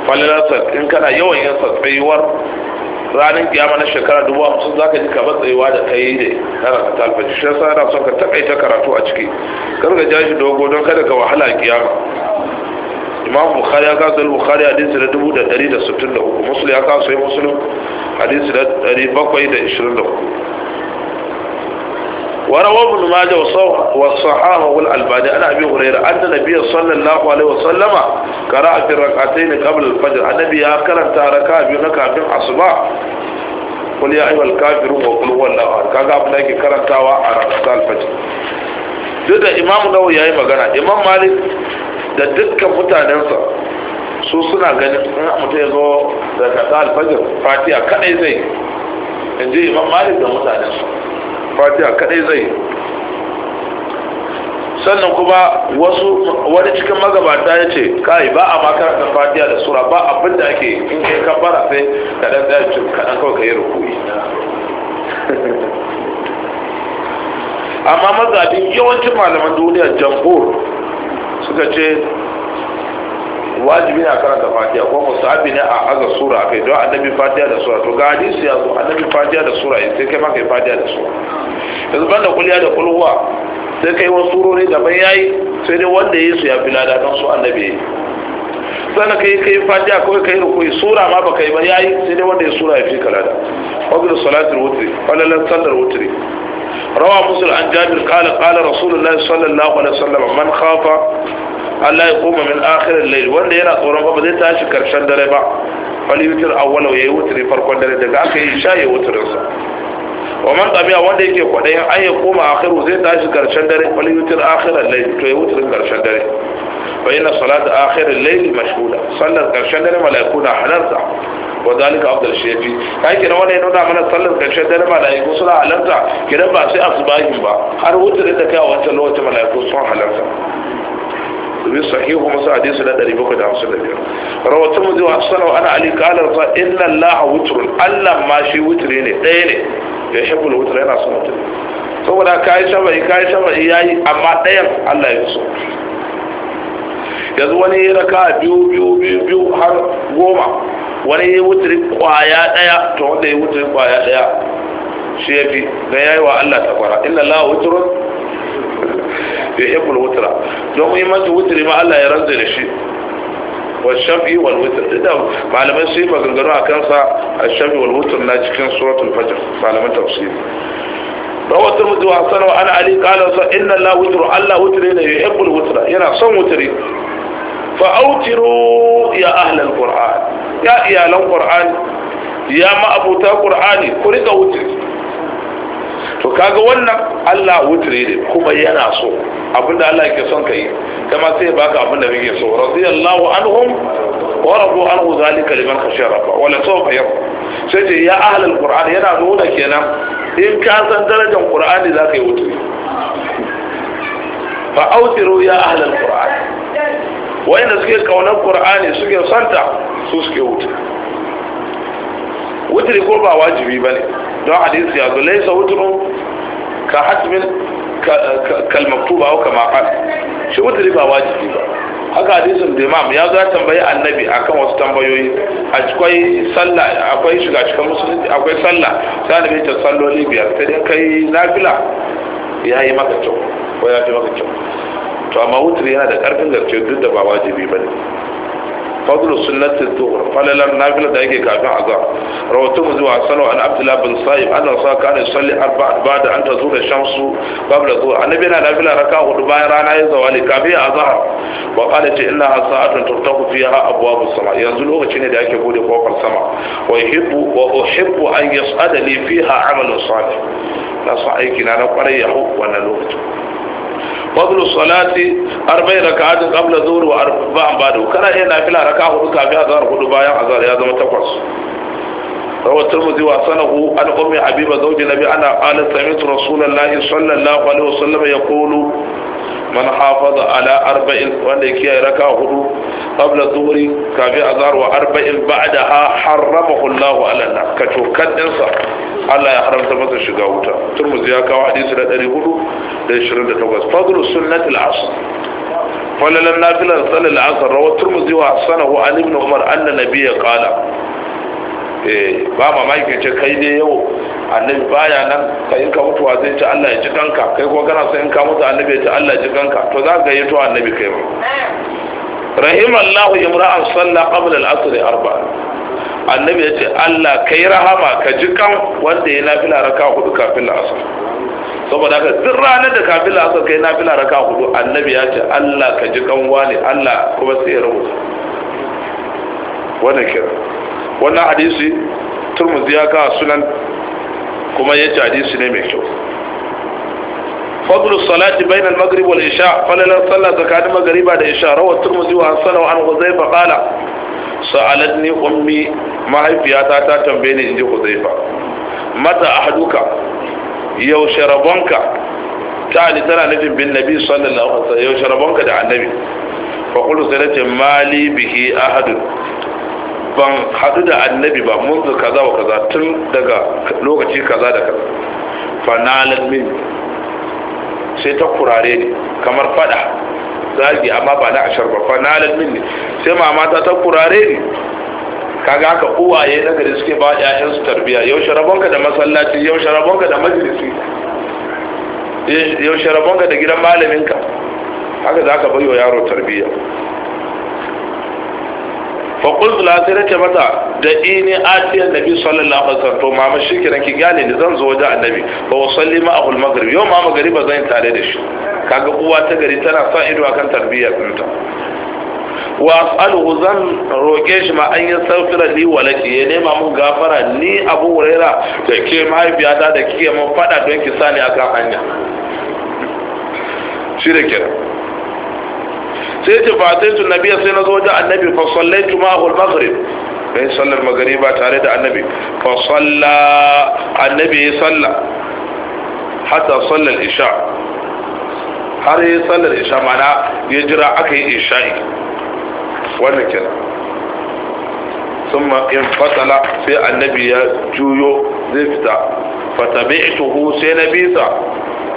falilasar in kana yawan yin tsatsaiwar ranar kiyama na shekara dubu hamsin za ka ji kamar tsayuwa da ta yi ne na rakata shi yasa yana son ka takaita karatu a ciki kar ka jashi dogo don kada ka wahala a kiyama imam bukhari ya kasu bukhari hadisi na dubu da dari da sittin da uku musulun ya kasu yi musulun hadisi na dari bakwai da ishirin da uku وروى ابن ماجه والصحابه والالباني عن ابي هريره ان النبي صلى الله عليه وسلم قرا في ركعتين قبل الفجر النبي يا كرنت ركعه بيو كافين الصبح قل يا ايها الكافرون وقل هو الله احد كذا ابن yake karantawa a rakatul duk da imamu nawawi yayi magana imam malik da dukkan mutanensa su suna ganin in mutum ya zo da kasa alfajir fatiha kadai zai in ji imam malik da mutanensu fatiha kadai zai sannan kuma wasu wani cikin magabata ya ce kai ba a makarantar fatiha da sura ba abin da ake in kai kabbara sai kaɗan da cin kaɗan kawai ka yi rukuni amma mazabi yawancin malaman duniya jambur suka ce wajibi ne a karanta fatiha ko musabi ne a aza sura a kai don annabi fatiha da sura to ga hadisi ya zo annabi fatiha da sura sai kai ma kai fatiha da sura yanzu banda kuliya da kulwa sai kai wasu surori daban yayi sai dai wanda ya yi su ya fi lada don su annabi sannan kai kai fatiha ko kai rukuni sura ma baka yi ba yayi sai dai wanda ya sura ya fi kalada wabil salatul wutri walalan sallar wutri روى مسلم عن جابر قال قال رسول الله صلى الله عليه وسلم من خاف Allah ya koma min akhirin layl wanda yana tsoron ba zai tashi karshen dare ba wani yutir awwala ya yi wutiri farkon dare daga aka yi sha ya wutirin sa wa man tabi'a wanda yake kwadayin an ya koma akhiru zai tashi karshen dare wani yutir akhirin layl to ya wutirin karshen dare fa inna salata akhirin layl mashhuda sallar karshen dare malaiku na halarta wa zalika afdal shafi kai kina wani yana nuna mana sallar karshen dare malaiku suna halarta kidan ba sai asbahin ba har wutirin da kai a wancan lokacin malaiku sun halarta bi sahihu musa hadisi na 755 rawatun mu zuwa sarau ana ali kalar sa illa allaha wutrun allah ma shi wutri ne ɗaya ne ya hibbul wutra yana son wutri saboda kayi shafa'i kayi shafa'i yayi amma ɗayan allah ya so yanzu wani ya raka biyu biyu biyu biyu har goma wani ya wutri kwaya ɗaya to wanda ya wutri kwaya ɗaya shi ya fi da ya yi wa allah takwara illa la wutrun يحب الوتر يوم ما الوتر ما الله يرزق الشيء والشفي والوتر ده معلم سيبا قرر كان الشفع والوتر ناجي كان سورة الفجر معلم تفسير روى الترمذي وحسنه وعن علي قال ان الله وتر الله وتر يحب الوتر يرى صوم وتر فاوتروا يا اهل القران يا يا القران يا ما ابو تا قراني قرئ وتر to kaga wannan Allah wutire ne kuma yana so abinda Allah yake son kai kama sai baka abinda muke so radiyallahu anhum wa radu an zalika liman khashiya rabba wala sawfa yar sai ce ya ahli qur'an yana nuna kenan in ka san darajar qur'ani zaka yi wutire fa autiru ya alquran qur'an inda suke kaunar qur'ani suke santa su suke wutire wutire ko ba wajibi bane don hadisi ya zo laisa wutrun ka hatmin kalmaktuba ko kama fa shi wutri ba wajibi ba haka hadisin da imam ya za tambayi annabi akan wasu tambayoyi akwai sallah akwai shiga cikin musulunci akwai sallah sai annabi ta salloli biyar sai dai kai nafila ya yi maka kyau ko ya fi maka kyau to amma wutri yana da karfin gaske duk da ba wajibi bane fadlu sunnati dhuhr falalar nafila da ake kafin azza rawatu zuwa sanu an abdullah bin sa'ib anna sa kana yusalli arba'a ba'da an tazula shamsu qabla dhuhr annabi na nafila raka hudu bayan rana ya zawali kafin azhar wa qala ta inna sa'atun tuftahu a abwabu sama yanzu lokaci ne da yake bude kofar sama wa yuhibbu wa uhibbu an yas'ada li fiha na aiki na na kwarai ya hukwa lokacin fadlu salati arba'i raka'atin qabla dhuhr wa arba'an ba'da kana iya nafila raka hudu kafin azhar hudu bayan azhar ya zama takwas روى الترمذي وحسنه عن ام حبيبه زوج النبي انا قالت سمعت رسول الله صلى الله عليه وسلم يقول من حافظ على اربع وان يكي ركع هدو قبل الظهر كافي ازار واربع بعدها حرمه الله على النار كتوكد انصار Allah ya haramta masa shiga wuta turmuzi ya kawo hadisi na 428 fadlu sunnat al-asr falalan nafilar sal al-asr rawa turmuzi wa hasanahu an ibn umar anna nabiyya qala eh ba ke ce kai dai yau annabi baya nan kai ka mutuwa zai ce Allah ya ji kanka kai ko kana sai in ka mutu annabi ya ce Allah ya ji kanka to za ka yi to annabi kai ba rahim Allah imra'an salla qabla al-asr arba'a annabi ya ce Allah kai rahama ka ji kan wanda ya nafila raka hudu kafin la'asar saboda haka duk ranar da kafin la'asar kai nafila raka hudu annabi ya ce Allah ka ji kan wani Allah kuma sai ya rahoto wannan kira wannan hadisi turmuzi ya kawo sunan kuma ya ce hadisi ne mai kyau فضل الصلاة بين المغرب والعشاء فلن صلى زكاة المغرب بعد العشاء روى الترمذي وحسنه عن غزيفة قال sa'alatni ummi mahaifiyata ta tambaye ni inji huzaifa mata ahaduka yaushe rabonka ta ni tana nufin bin nabi sallallahu alaihi wasallam yaushe rabonka da annabi fa qulu sai ce mali bihi ahadun ban hadu da annabi ba munzu kaza wa kaza tun daga lokaci kaza da kaza fa nalat min sai ta kurare ni kamar fada zagi amma ba na ashar ba fa nalan ne sai mama ta ta kurare ni kaga haka uwaye na gari suke ba ƴaƴan su tarbiya yau sharabonka da masallaci yau sharabonka da majalisi eh, yau sharabonka da gidan malaminka haka za ka bayo yaro tarbiya fa qultu sai nace mata da ini ati Nabi sallallahu alaihi wasallam to mama shikenan ki gane ni zan zo wajen annabi fa usalli ma ahul maghrib yau ma maghrib zan yi tare da shi kaga uwa ta gari tana sa ido akan tarbiyyar ɗinta wa as'aluhu zan roke shi ma an yastaghfira li wa laki ya nema mun gafara ni Abu Huraira da ke mahaifiyata da kike mun fada don ki sani akan hanya shi da kira sai ce fa sai tun nabiya sai na zo wajen annabi fa sallaitu ma'ahu al-maghrib bai sallar magariba tare da annabi fa salla annabi ya salla hatta sallar isha har yi sallar isha mana ya jira aka yi isha'i wannan kenan summa in fatala sai annabi ya juyo zai fita fatabi'tuhu sai na bisa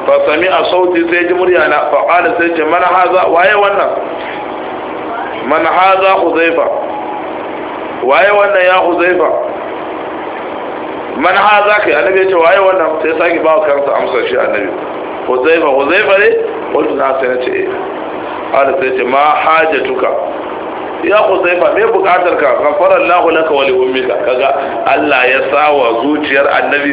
fa sami a sauti sai ji murya na fa qala sai ce man haza waye wannan man haza huzaifa waye wannan ya huzaifa man haza kai annabi ya ce waye wannan sai saki ba kansa amsa shi annabi huzaifa huzaifa ne wanda na sai na ce eh qala sai ce ma hajatuka ya kusaifa me bukatar ka ghafara Allahu laka wa li ummika kaga Allah ya sawa zuciyar annabi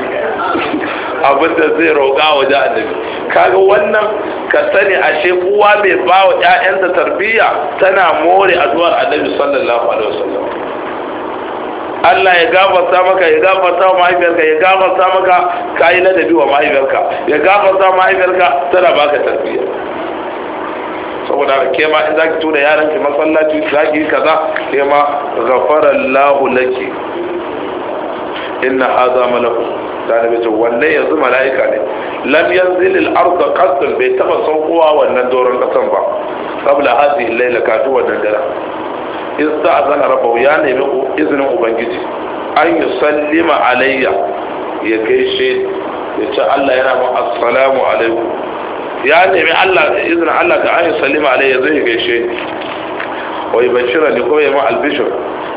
abin da zai roƙa wajen annabi kaga wannan ka sani ashe uwa mai ba wa ƴaƴanta tarbiyya tana more addu'ar annabi sallallahu alaihi wasallam Allah ya gafarta maka ya gafarta wa mahaifiyarka ya gafarta maka kayi ladabi wa mahaifiyarka ya gafarta mahaifiyarka tana baka tarbiyya saboda da kema in zaki tura yaran ki masallaci zaki yi kaza Kema ma ghafara Allahu laki inna hadha malaku da nabi ce wanne yanzu malaika ne lam yanzil al-ard qasdan bai taba saukowa wannan doron kasan ba qabla hadhihi al-layla kafin wannan dare ista'zana rabbahu ya nemi izinin ubangiji an yusallima alayya ya gaishe ya ce Allah yana mu assalamu alaikum ya nemi Allah da izina Allah ta ayin salima alayya zai gaishe wai bashira ne ko yamma albishir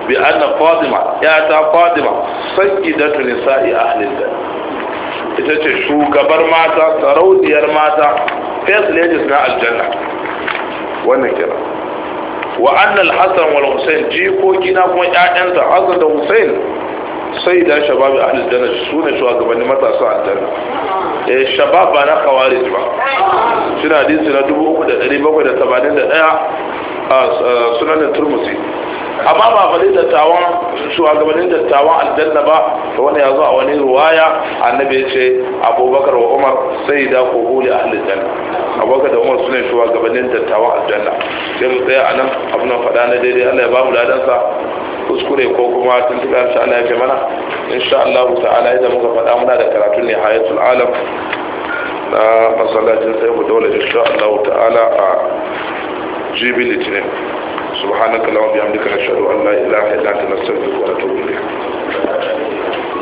bi anna fatima ya ta fatima sa'i a halin bayt ita ce shugabar mata sarauniyar mata first ladies na aljanna wannan kira wa anna al-hasan wal husayn jikoki na kuma ƴaƴanta hasan da husayn sai da shababi ahli janna su ne shugabanni matasa aljanna eh shabab ba na khawarij ba shi na hadisi na 3781 a sunanin turmusi amma ba faɗi dattawan shugabannin dattawan aljanna ba da wani ya zo a wani ruwaya a ya ce abubakar wa umar sai da kogo da ahli abubakar da umar suna shugabannin dattawan aljanna sai mu tsaya a nan abin faɗa na daidai allah ya ba mu ladansa kuskure ko kuma tuntuɓe insha Allah ya fi mana insha Allah ta'ala idan muka faɗa muna da karatu ne hayatul alam na masallacin sai ku dole insha Allah ta'ala a jibi litinin subhanaka lahum bihamdika nashhadu an la ilaha illa anta nastaghfiruka wa natubu ilayk